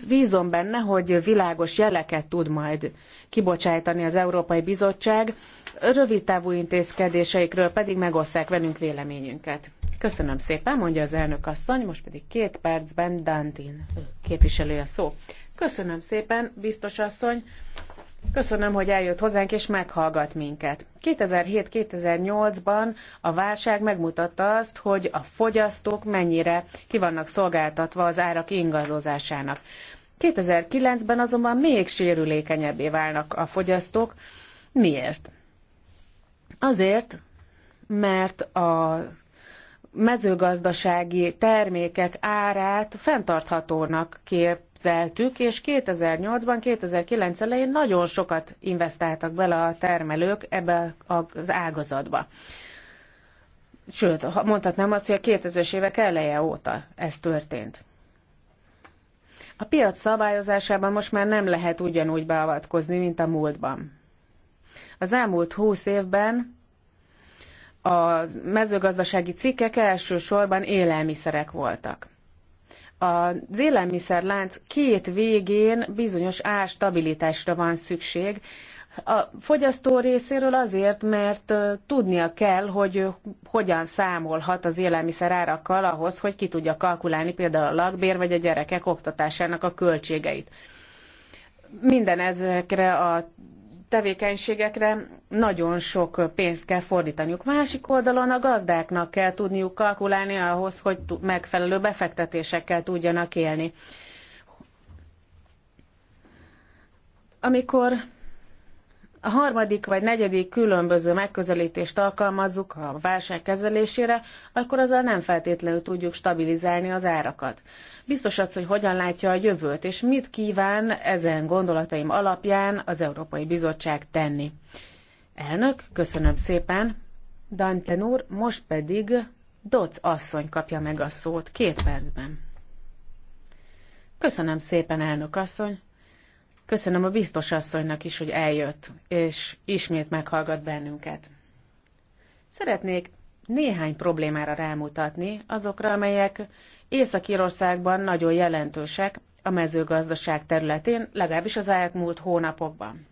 [SPEAKER 1] Bízom benne, hogy világos jeleket tud majd kibocsájtani az Európai Bizottság, rövid távú intézkedéseikről pedig megosszák velünk véleményünket. Köszönöm szépen, mondja az elnök asszony, most pedig két percben Dantin képviselője szó. Köszönöm szépen, biztos asszony. Köszönöm, hogy eljött hozzánk és meghallgat minket. 2007-2008-ban a válság megmutatta azt, hogy a fogyasztók mennyire ki vannak szolgáltatva az árak ingadozásának. 2009-ben azonban még sérülékenyebbé válnak a fogyasztók. Miért? Azért, mert a mezőgazdasági termékek árát fenntarthatónak képzeltük, és 2008-ban, 2009 elején nagyon sokat investáltak bele a termelők ebbe az ágazatba. Sőt, mondhatnám azt, hogy a 2000-es évek eleje óta ez történt. A piac szabályozásában most már nem lehet ugyanúgy beavatkozni, mint a múltban. Az elmúlt húsz évben a mezőgazdasági cikkek elsősorban élelmiszerek voltak. Az élelmiszerlánc két végén bizonyos árstabilitásra van szükség, a fogyasztó részéről azért, mert tudnia kell, hogy hogyan számolhat az élelmiszer árakkal ahhoz, hogy ki tudja kalkulálni például a lakbér vagy a gyerekek oktatásának a költségeit. Minden ezekre a tevékenységekre nagyon sok pénzt kell fordítaniuk. Másik oldalon a gazdáknak kell tudniuk kalkulálni ahhoz, hogy megfelelő befektetésekkel tudjanak élni. Amikor a harmadik vagy negyedik különböző megközelítést alkalmazzuk a válság kezelésére, akkor azzal nem feltétlenül tudjuk stabilizálni az árakat. Biztos az, hogy hogyan látja a jövőt, és mit kíván ezen gondolataim alapján az Európai Bizottság tenni. Elnök, köszönöm szépen. Dante úr, most pedig Doc asszony kapja meg a szót két percben. Köszönöm szépen, elnök asszony. Köszönöm a biztos asszonynak is, hogy eljött, és ismét meghallgat bennünket. Szeretnék néhány problémára rámutatni, azokra, amelyek Észak-Írországban nagyon jelentősek a mezőgazdaság területén, legalábbis az elmúlt hónapokban.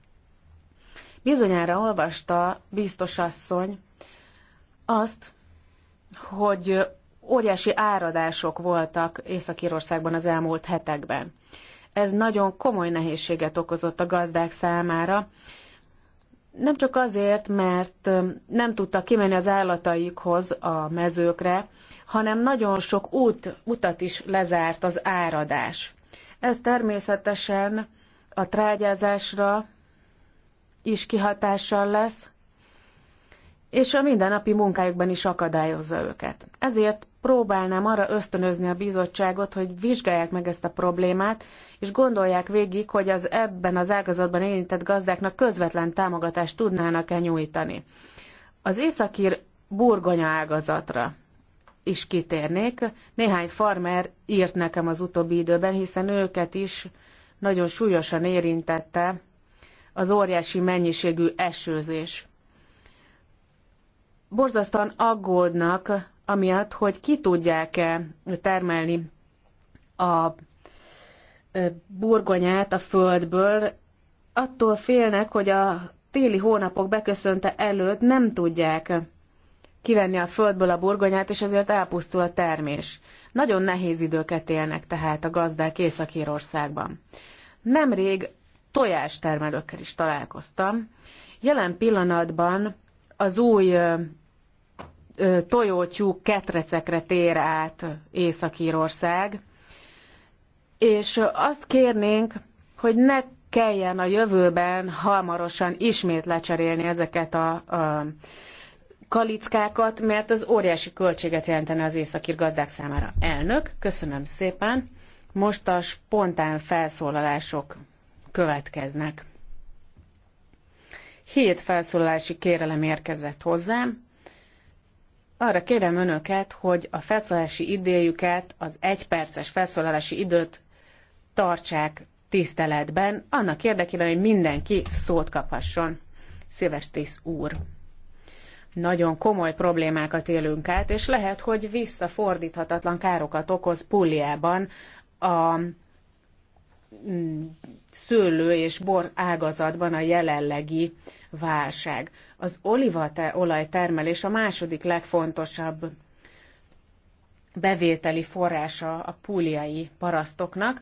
[SPEAKER 1] Bizonyára olvasta biztos asszony azt, hogy óriási áradások voltak Észak-Írországban az elmúlt hetekben. Ez nagyon komoly nehézséget okozott a gazdák számára, nem csak azért, mert nem tudtak kimenni az állataikhoz a mezőkre, hanem nagyon sok út, utat is lezárt az áradás. Ez természetesen a trágyázásra is kihatással lesz, és a mindennapi munkájukban is akadályozza őket. Ezért próbálnám arra ösztönözni a bizottságot, hogy vizsgálják meg ezt a problémát, és gondolják végig, hogy az ebben az ágazatban érintett gazdáknak közvetlen támogatást tudnának-e nyújtani. Az északír burgonya ágazatra is kitérnék. Néhány farmer írt nekem az utóbbi időben, hiszen őket is nagyon súlyosan érintette az óriási mennyiségű esőzés. Borzasztóan aggódnak amiatt, hogy ki tudják-e termelni a burgonyát a földből, attól félnek, hogy a téli hónapok beköszönte előtt nem tudják kivenni a földből a burgonyát, és ezért elpusztul a termés. Nagyon nehéz időket élnek tehát a gazdák Észak-Írországban. Nemrég tojástermelőkkel is találkoztam. Jelen pillanatban az új tojótyúk ketrecekre tér át Észak-Írország, és azt kérnénk, hogy ne kelljen a jövőben hamarosan ismét lecserélni ezeket a, a kalickákat, mert az óriási költséget jelentene az északír gazdák számára. Elnök, köszönöm szépen. Most a spontán felszólalások következnek. Hét felszólalási kérelem érkezett hozzám. Arra kérem önöket, hogy a felszólalási idéjüket, az egyperces felszólalási időt tartsák tiszteletben, annak érdekében, hogy mindenki szót kaphasson. Szilvesztész úr. Nagyon komoly problémákat élünk át, és lehet, hogy visszafordíthatatlan károkat okoz Pulliában a szőlő és bor ágazatban a jelenlegi válság. Az olívaolaj termelés a második legfontosabb bevételi forrása a púliai parasztoknak,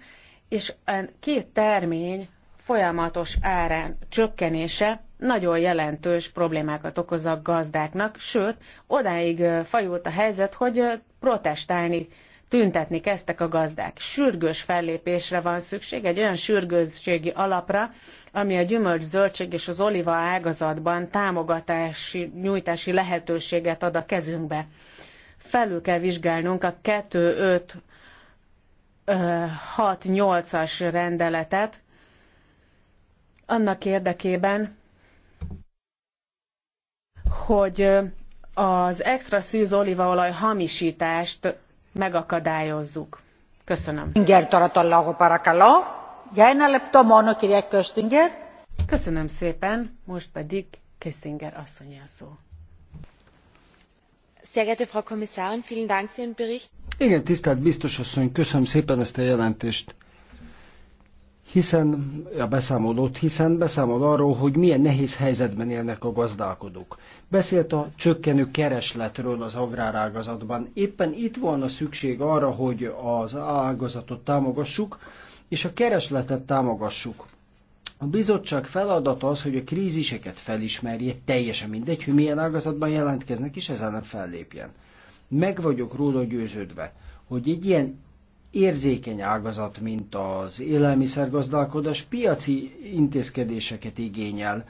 [SPEAKER 1] és a két termény folyamatos árán csökkenése nagyon jelentős problémákat okoz a gazdáknak, sőt, odáig fajult a helyzet, hogy protestálni tüntetni kezdtek a gazdák. Sürgős fellépésre van szükség, egy olyan sürgősségi alapra, ami a gyümölcs, zöldség és az oliva ágazatban támogatási, nyújtási lehetőséget ad a kezünkbe. Felül kell vizsgálnunk a 2-5-6-8-as rendeletet, annak érdekében, hogy az extra szűz olívaolaj hamisítást megakadályozzuk. Köszönöm. Köszönöm szépen, most pedig Kissinger asszony a szó. Sehr geehrte Frau Kommissarin, vielen Dank für Ihren Bericht.
[SPEAKER 2] Igen, tisztelt biztos asszony, köszönöm szépen ezt a jelentést hiszen a beszámolót, hiszen beszámol arról, hogy milyen nehéz helyzetben élnek a gazdálkodók. Beszélt a csökkenő keresletről az agrárágazatban. Éppen itt volna szükség arra, hogy az ágazatot támogassuk, és a keresletet támogassuk. A bizottság feladata az, hogy a kríziseket felismerje, teljesen mindegy, hogy milyen ágazatban jelentkeznek, és ezzel nem fellépjen. Meg vagyok róla győződve, hogy egy ilyen érzékeny ágazat, mint az élelmiszergazdálkodás, piaci intézkedéseket igényel.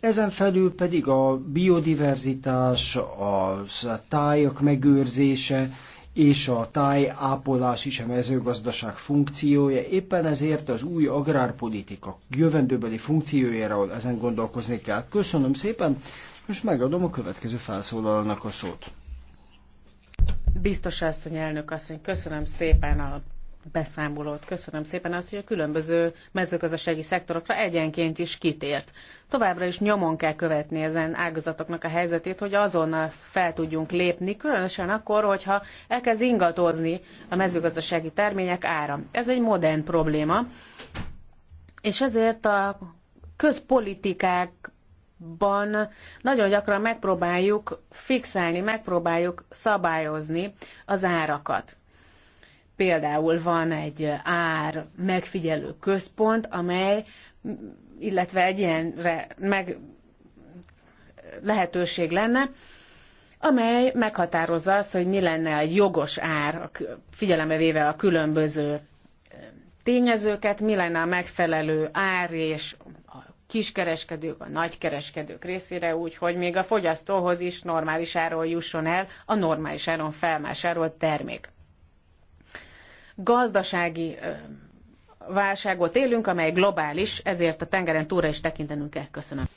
[SPEAKER 2] Ezen felül pedig a biodiverzitás, a tájak megőrzése és a tájápolás is a mezőgazdaság funkciója. Éppen ezért az új agrárpolitika jövendőbeli funkciójáról ezen gondolkozni kell. Köszönöm szépen, most megadom a következő felszólalónak a szót.
[SPEAKER 1] Biztos asszony, elnök asszony, köszönöm szépen a beszámolót, köszönöm szépen azt, hogy a különböző mezőgazdasági szektorokra egyenként is kitért. Továbbra is nyomon kell követni ezen ágazatoknak a helyzetét, hogy azonnal fel tudjunk lépni, különösen akkor, hogyha elkezd ingatozni a mezőgazdasági termények ára. Ez egy modern probléma, és ezért a közpolitikák ban nagyon gyakran megpróbáljuk fixálni, megpróbáljuk szabályozni az árakat. Például van egy ár megfigyelő központ, amely, illetve egy ilyenre meg lehetőség lenne, amely meghatározza azt, hogy mi lenne egy jogos ár, figyelembe véve a különböző tényezőket, mi lenne a megfelelő ár és kiskereskedők, a nagykereskedők részére úgy, hogy még a fogyasztóhoz is normális áron jusson el a normális áron felmásárolt termék. Gazdasági válságot élünk, amely globális, ezért a tengeren túlra is tekintenünk kell. Köszönöm.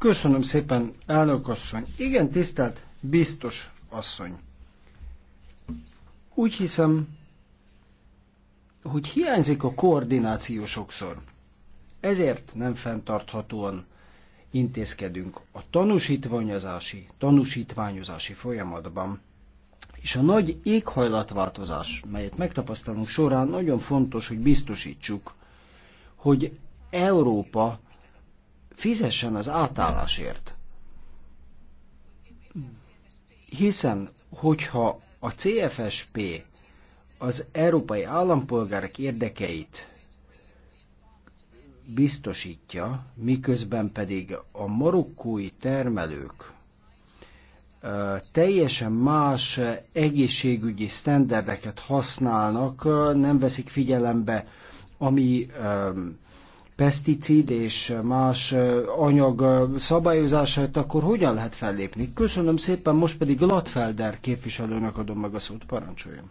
[SPEAKER 2] Köszönöm szépen, elnök asszony. Igen, tisztelt biztos asszony. Úgy hiszem, hogy hiányzik a koordináció sokszor. Ezért nem fenntarthatóan intézkedünk a tanúsítványozási, tanúsítványozási folyamatban. És a nagy éghajlatváltozás, melyet megtapasztalunk során, nagyon fontos, hogy biztosítsuk, hogy Európa fizessen az átállásért. Hiszen, hogyha a CFSP az európai állampolgárok érdekeit biztosítja, miközben pedig a marokkói termelők teljesen más egészségügyi sztenderdeket használnak, nem veszik figyelembe, ami peszticid és más anyag szabályozását, akkor hogyan lehet fellépni? Köszönöm szépen, most pedig Latfelder képviselőnek adom meg a szót, parancsoljon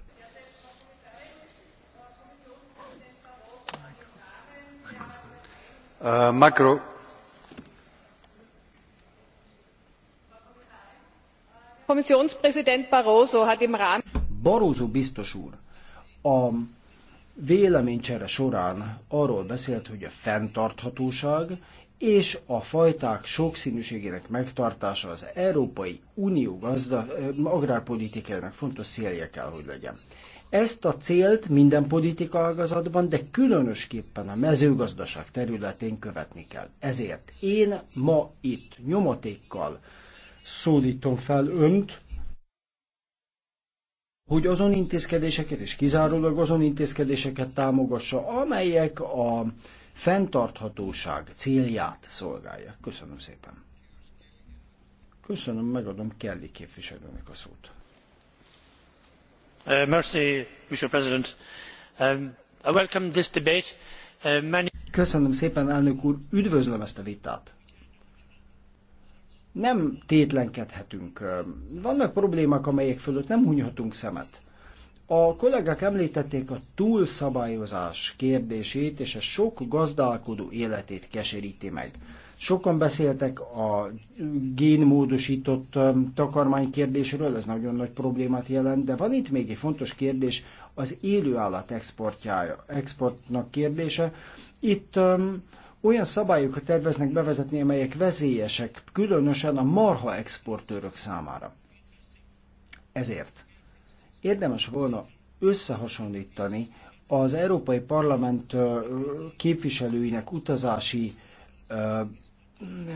[SPEAKER 5] Uh, macro.
[SPEAKER 1] Kommissionspräsident Barroso hat im Rahmen.
[SPEAKER 2] Barroso biztos úr, a véleménycsere során arról beszélt, hogy a fenntarthatóság és a fajták sokszínűségének megtartása az Európai Unió gazda, agrárpolitikájának fontos célja kell, hogy legyen. Ezt a célt minden politika ágazatban, de különösképpen a mezőgazdaság területén követni kell. Ezért én ma itt nyomatékkal szólítom fel önt, hogy azon intézkedéseket, és kizárólag azon intézkedéseket támogassa, amelyek a fenntarthatóság célját szolgálják. Köszönöm szépen. Köszönöm, megadom Kelly képviselőnek a szót köszönöm szépen elnök úr üdvözlöm ezt a vitát. nem tétlenkedhetünk. Um, vannak problémák, amelyek fölött nem hunyhatunk szemet. A kollégák említették a túlszabályozás kérdését, és ez sok gazdálkodó életét keseríti meg. Sokan beszéltek a génmódosított um, takarmány kérdésről, ez nagyon nagy problémát jelent, de van itt még egy fontos kérdés, az élőállat exportjája, exportnak kérdése. Itt um, olyan szabályokat terveznek bevezetni, amelyek veszélyesek, különösen a marha exportőrök számára. Ezért érdemes volna összehasonlítani az Európai Parlament uh, képviselőinek utazási uh,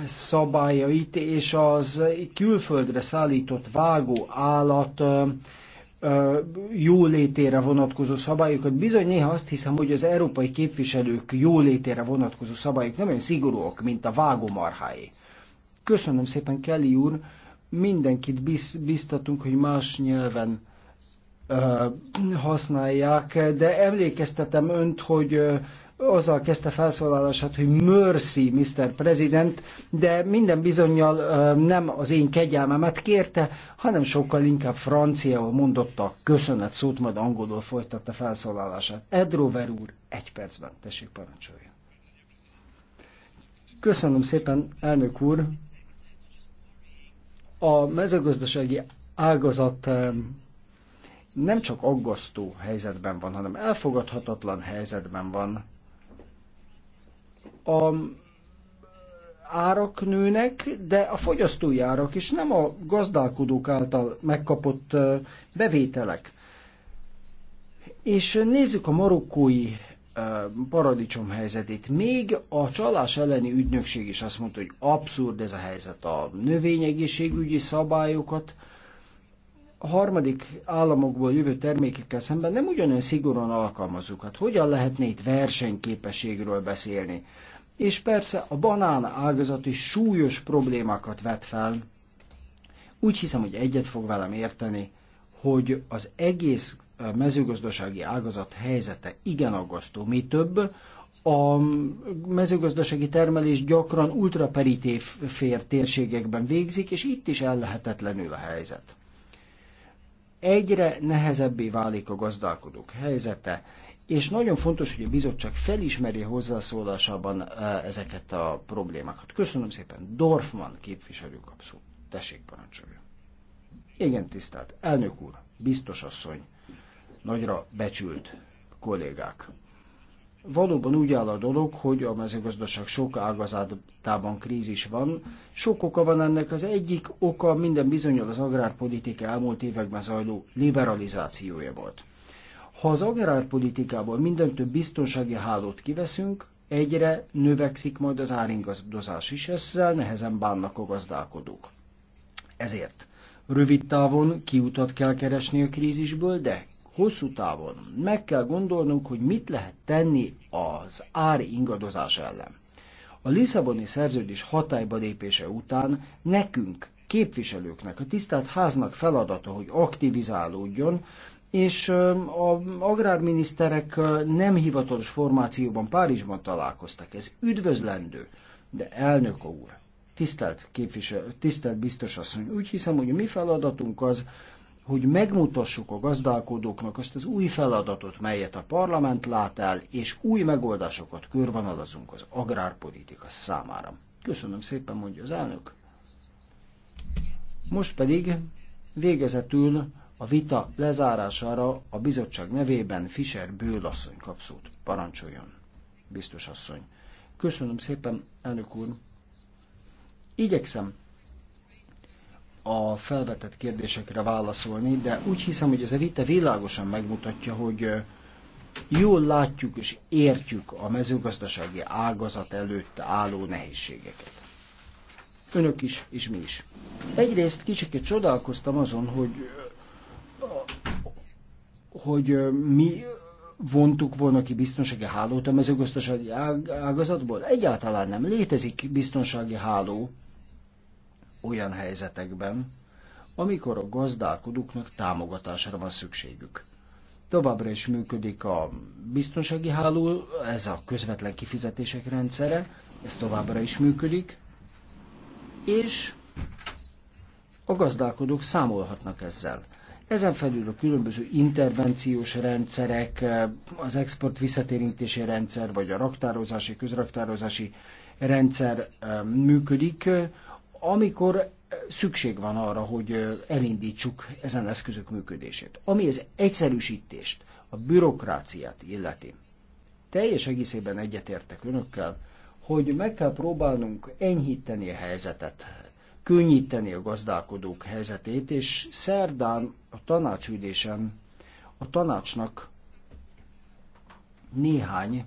[SPEAKER 2] szabályait és az külföldre szállított vágó állat jólétére vonatkozó szabályokat. Bizony néha azt hiszem, hogy az európai képviselők jólétére vonatkozó szabályok nem olyan szigorúak, mint a marhái. Köszönöm szépen, Kelly úr, mindenkit biztatunk, hogy más nyelven ö, használják, de emlékeztetem önt, hogy ö, azzal kezdte felszólalását, hogy mercy, Mr. President, de minden bizonyal nem az én kegyelmemet kérte, hanem sokkal inkább franciául mondotta a köszönet szót, majd angolul folytatta felszólalását. Rover úr, egy percben, tessék parancsoljon. Köszönöm szépen, elnök úr. A mezőgazdasági ágazat nem csak aggasztó helyzetben van, hanem elfogadhatatlan helyzetben van a árak nőnek, de a fogyasztói árak is, nem a gazdálkodók által megkapott bevételek. És nézzük a marokkói paradicsom helyzetét. Még a csalás elleni ügynökség is azt mondta, hogy abszurd ez a helyzet. A növényegészségügyi szabályokat a harmadik államokból jövő termékekkel szemben nem ugyanolyan szigorúan alkalmazzuk. Hát hogyan lehetne itt versenyképességről beszélni? És persze a banán ágazat is súlyos problémákat vet fel. Úgy hiszem, hogy egyet fog velem érteni, hogy az egész eh, mezőgazdasági ágazat helyzete igen aggasztó. Mi több, a mezőgazdasági termelés gyakran ultraperitív fér térségekben végzik, és itt is ellehetetlenül a helyzet. Egyre nehezebbé válik a gazdálkodók helyzete, és nagyon fontos, hogy a bizottság felismeri hozzászólásában eh, ezeket a problémákat. Köszönöm szépen. Dorfman képviselő kapszó. Tessék, parancsoljon. Igen, tisztelt elnök úr, biztos asszony, nagyra becsült kollégák. Valóban úgy áll a dolog, hogy a mezőgazdaság sok ágazatában krízis van. Sok oka van ennek. Az egyik oka minden bizonyal az agrárpolitika elmúlt években zajló liberalizációja volt. Ha az agrárpolitikából minden több biztonsági hálót kiveszünk, egyre növekszik majd az áringazdozás is, ezzel nehezen bánnak a gazdálkodók. Ezért rövid távon kiutat kell keresni a krízisből, de hosszú távon meg kell gondolnunk, hogy mit lehet tenni az ári ingadozás ellen. A Lisszaboni szerződés hatályba lépése után nekünk, képviselőknek, a tisztelt háznak feladata, hogy aktivizálódjon, és a agrárminiszterek nem hivatalos formációban Párizsban találkoztak. Ez üdvözlendő, de elnök úr, tisztelt képviselő, tisztelt biztos asszony, úgy hiszem, hogy a mi feladatunk az, hogy megmutassuk a gazdálkodóknak azt az új feladatot, melyet a parlament lát el, és új megoldásokat körvonalazunk az agrárpolitika számára. Köszönöm szépen, mondja az elnök. Most pedig végezetül a vita lezárására a bizottság nevében Fischer bőlasszony kap szót. Parancsoljon, biztos asszony. Köszönöm szépen, elnök úr. Igyekszem a felvetett kérdésekre válaszolni, de úgy hiszem, hogy ez a vita világosan megmutatja, hogy jól látjuk és értjük a mezőgazdasági ágazat előtt álló nehézségeket. Önök is, és mi is. Egyrészt kicsit csodálkoztam azon, hogy, hogy mi vontuk volna ki biztonsági hálót a mezőgazdasági ágazatból. Egyáltalán nem létezik biztonsági háló olyan helyzetekben, amikor a gazdálkodóknak támogatásra van szükségük. Továbbra is működik a biztonsági háló, ez a közvetlen kifizetések rendszere, ez továbbra is működik, és a gazdálkodók számolhatnak ezzel. Ezen felül a különböző intervenciós rendszerek, az export visszatérintési rendszer, vagy a raktározási, közraktározási rendszer működik, amikor szükség van arra, hogy elindítsuk ezen eszközök működését. Ami az egyszerűsítést, a bürokráciát illeti. Teljes egészében egyetértek önökkel, hogy meg kell próbálnunk enyhíteni a helyzetet, könnyíteni a gazdálkodók helyzetét, és szerdán a tanácsülésen a tanácsnak néhány,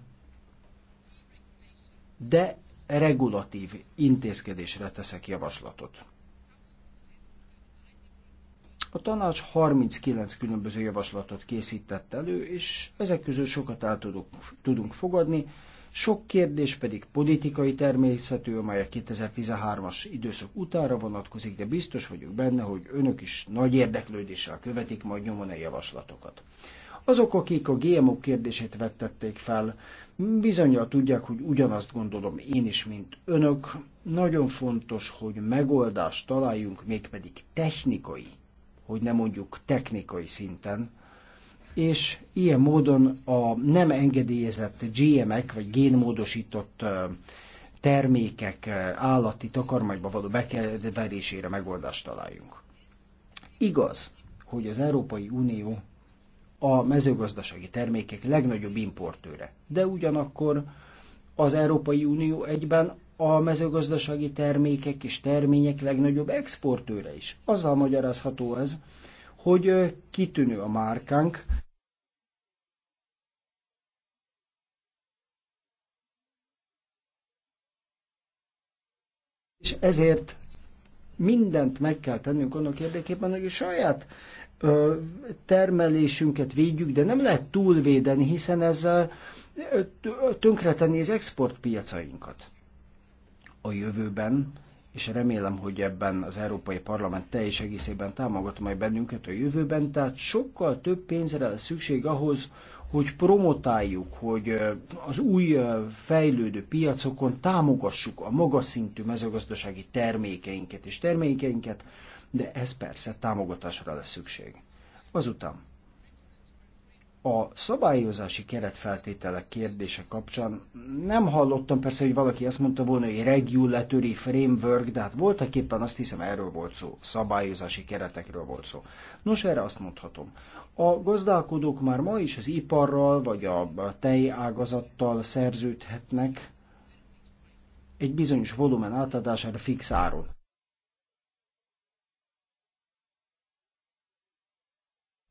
[SPEAKER 2] de regulatív intézkedésre teszek javaslatot. A tanács 39 különböző javaslatot készített elő, és ezek közül sokat el tudunk, tudunk fogadni, sok kérdés pedig politikai természetű, amely a 2013-as időszak utára vonatkozik, de biztos vagyok benne, hogy önök is nagy érdeklődéssel követik majd nyomon a javaslatokat. Azok, akik a GMO kérdését vettették fel, Bizonyal tudják, hogy ugyanazt gondolom én is, mint önök. Nagyon fontos, hogy megoldást találjunk, mégpedig technikai, hogy ne mondjuk technikai szinten, és ilyen módon a nem engedélyezett GM-ek, vagy génmódosított termékek állati takarmányba való bekeverésére megoldást találjunk. Igaz, hogy az Európai Unió a mezőgazdasági termékek legnagyobb importőre. De ugyanakkor az Európai Unió egyben a mezőgazdasági termékek és termények legnagyobb exportőre is. Azzal magyarázható ez, hogy kitűnő a márkánk, és ezért mindent meg kell tennünk annak érdekében, hogy a saját termelésünket védjük, de nem lehet túlvédeni, hiszen ezzel tönkretenni az exportpiacainkat. A jövőben, és remélem, hogy ebben az Európai Parlament teljes egészében támogat majd bennünket a jövőben, tehát sokkal több pénzre lesz szükség ahhoz, hogy promotáljuk, hogy az új fejlődő piacokon támogassuk a magas szintű mezőgazdasági termékeinket és termékeinket, de ez persze támogatásra lesz szükség. Azután a szabályozási keretfeltételek kérdése kapcsán nem hallottam persze, hogy valaki azt mondta volna, hogy regulatory framework, de hát voltak éppen azt hiszem erről volt szó, szabályozási keretekről volt szó. Nos, erre azt mondhatom. A gazdálkodók már ma is az iparral vagy a tejágazattal szerződhetnek egy bizonyos volumen átadására fix áron.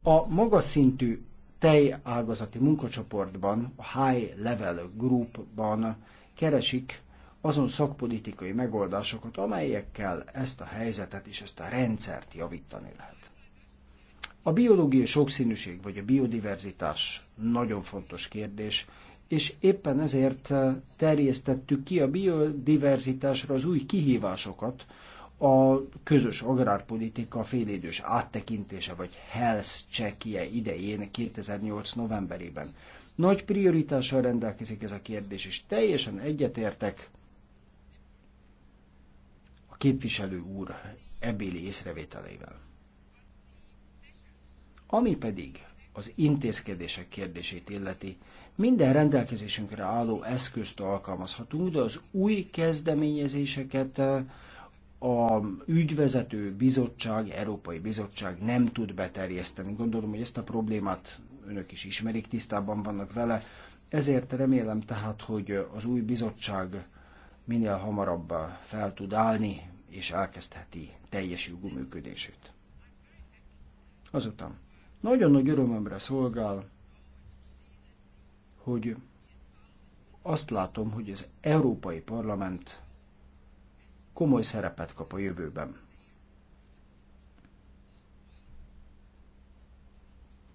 [SPEAKER 2] A magas szintű tejágazati munkacsoportban, a High Level Groupban keresik azon szakpolitikai megoldásokat, amelyekkel ezt a helyzetet és ezt a rendszert javítani lehet. A biológiai sokszínűség vagy a biodiverzitás nagyon fontos kérdés, és éppen ezért terjesztettük ki a biodiverzitásra az új kihívásokat, a közös agrárpolitika félidős áttekintése vagy health checkje idején 2008. novemberében. Nagy prioritással rendelkezik ez a kérdés, és teljesen egyetértek a képviselő úr ebéli észrevételeivel. Ami pedig az intézkedések kérdését illeti, minden rendelkezésünkre álló eszközt alkalmazhatunk, de az új kezdeményezéseket a ügyvezető bizottság, Európai Bizottság nem tud beterjeszteni. Gondolom, hogy ezt a problémát önök is ismerik, tisztában vannak vele. Ezért remélem tehát, hogy az új bizottság minél hamarabb fel tud állni, és elkezdheti teljes jogú működését. Azután nagyon nagy örömömre szolgál, hogy azt látom, hogy az Európai Parlament komoly szerepet kap a jövőben.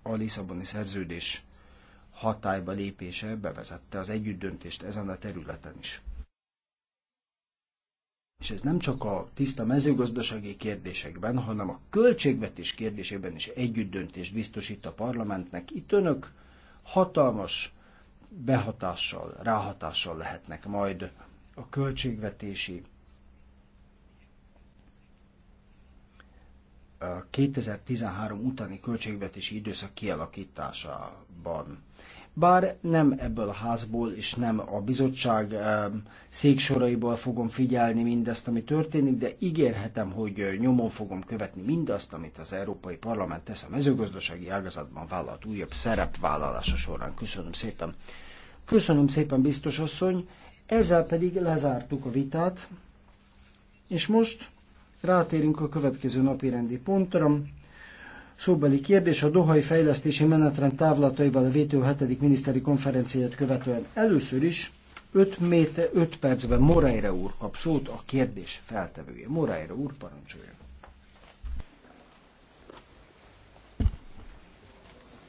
[SPEAKER 2] A Lisszaboni szerződés hatályba lépése bevezette az együttdöntést ezen a területen is. És ez nem csak a tiszta mezőgazdasági kérdésekben, hanem a költségvetés kérdésében is együttdöntést biztosít a parlamentnek. Itt önök hatalmas behatással, ráhatással lehetnek majd a költségvetési a 2013 utáni költségvetési időszak kialakításában. Bár nem ebből a házból és nem a bizottság széksoraiból fogom figyelni mindezt, ami történik, de ígérhetem, hogy nyomon fogom követni mindazt, amit az Európai Parlament tesz a mezőgazdasági ágazatban vállalt újabb szerepvállalása során. Köszönöm szépen. Köszönöm szépen, biztos asszony. Ezzel pedig lezártuk a vitát, és most Rátérünk a következő napi rendi pontra. Szóbeli kérdés a Dohai Fejlesztési Menetrend távlataival a VTO 7. miniszteri konferenciáját követően. Először is 5, méter, 5 percben Moreira úr kap szót a kérdés feltevője. Moreira úr parancsolja.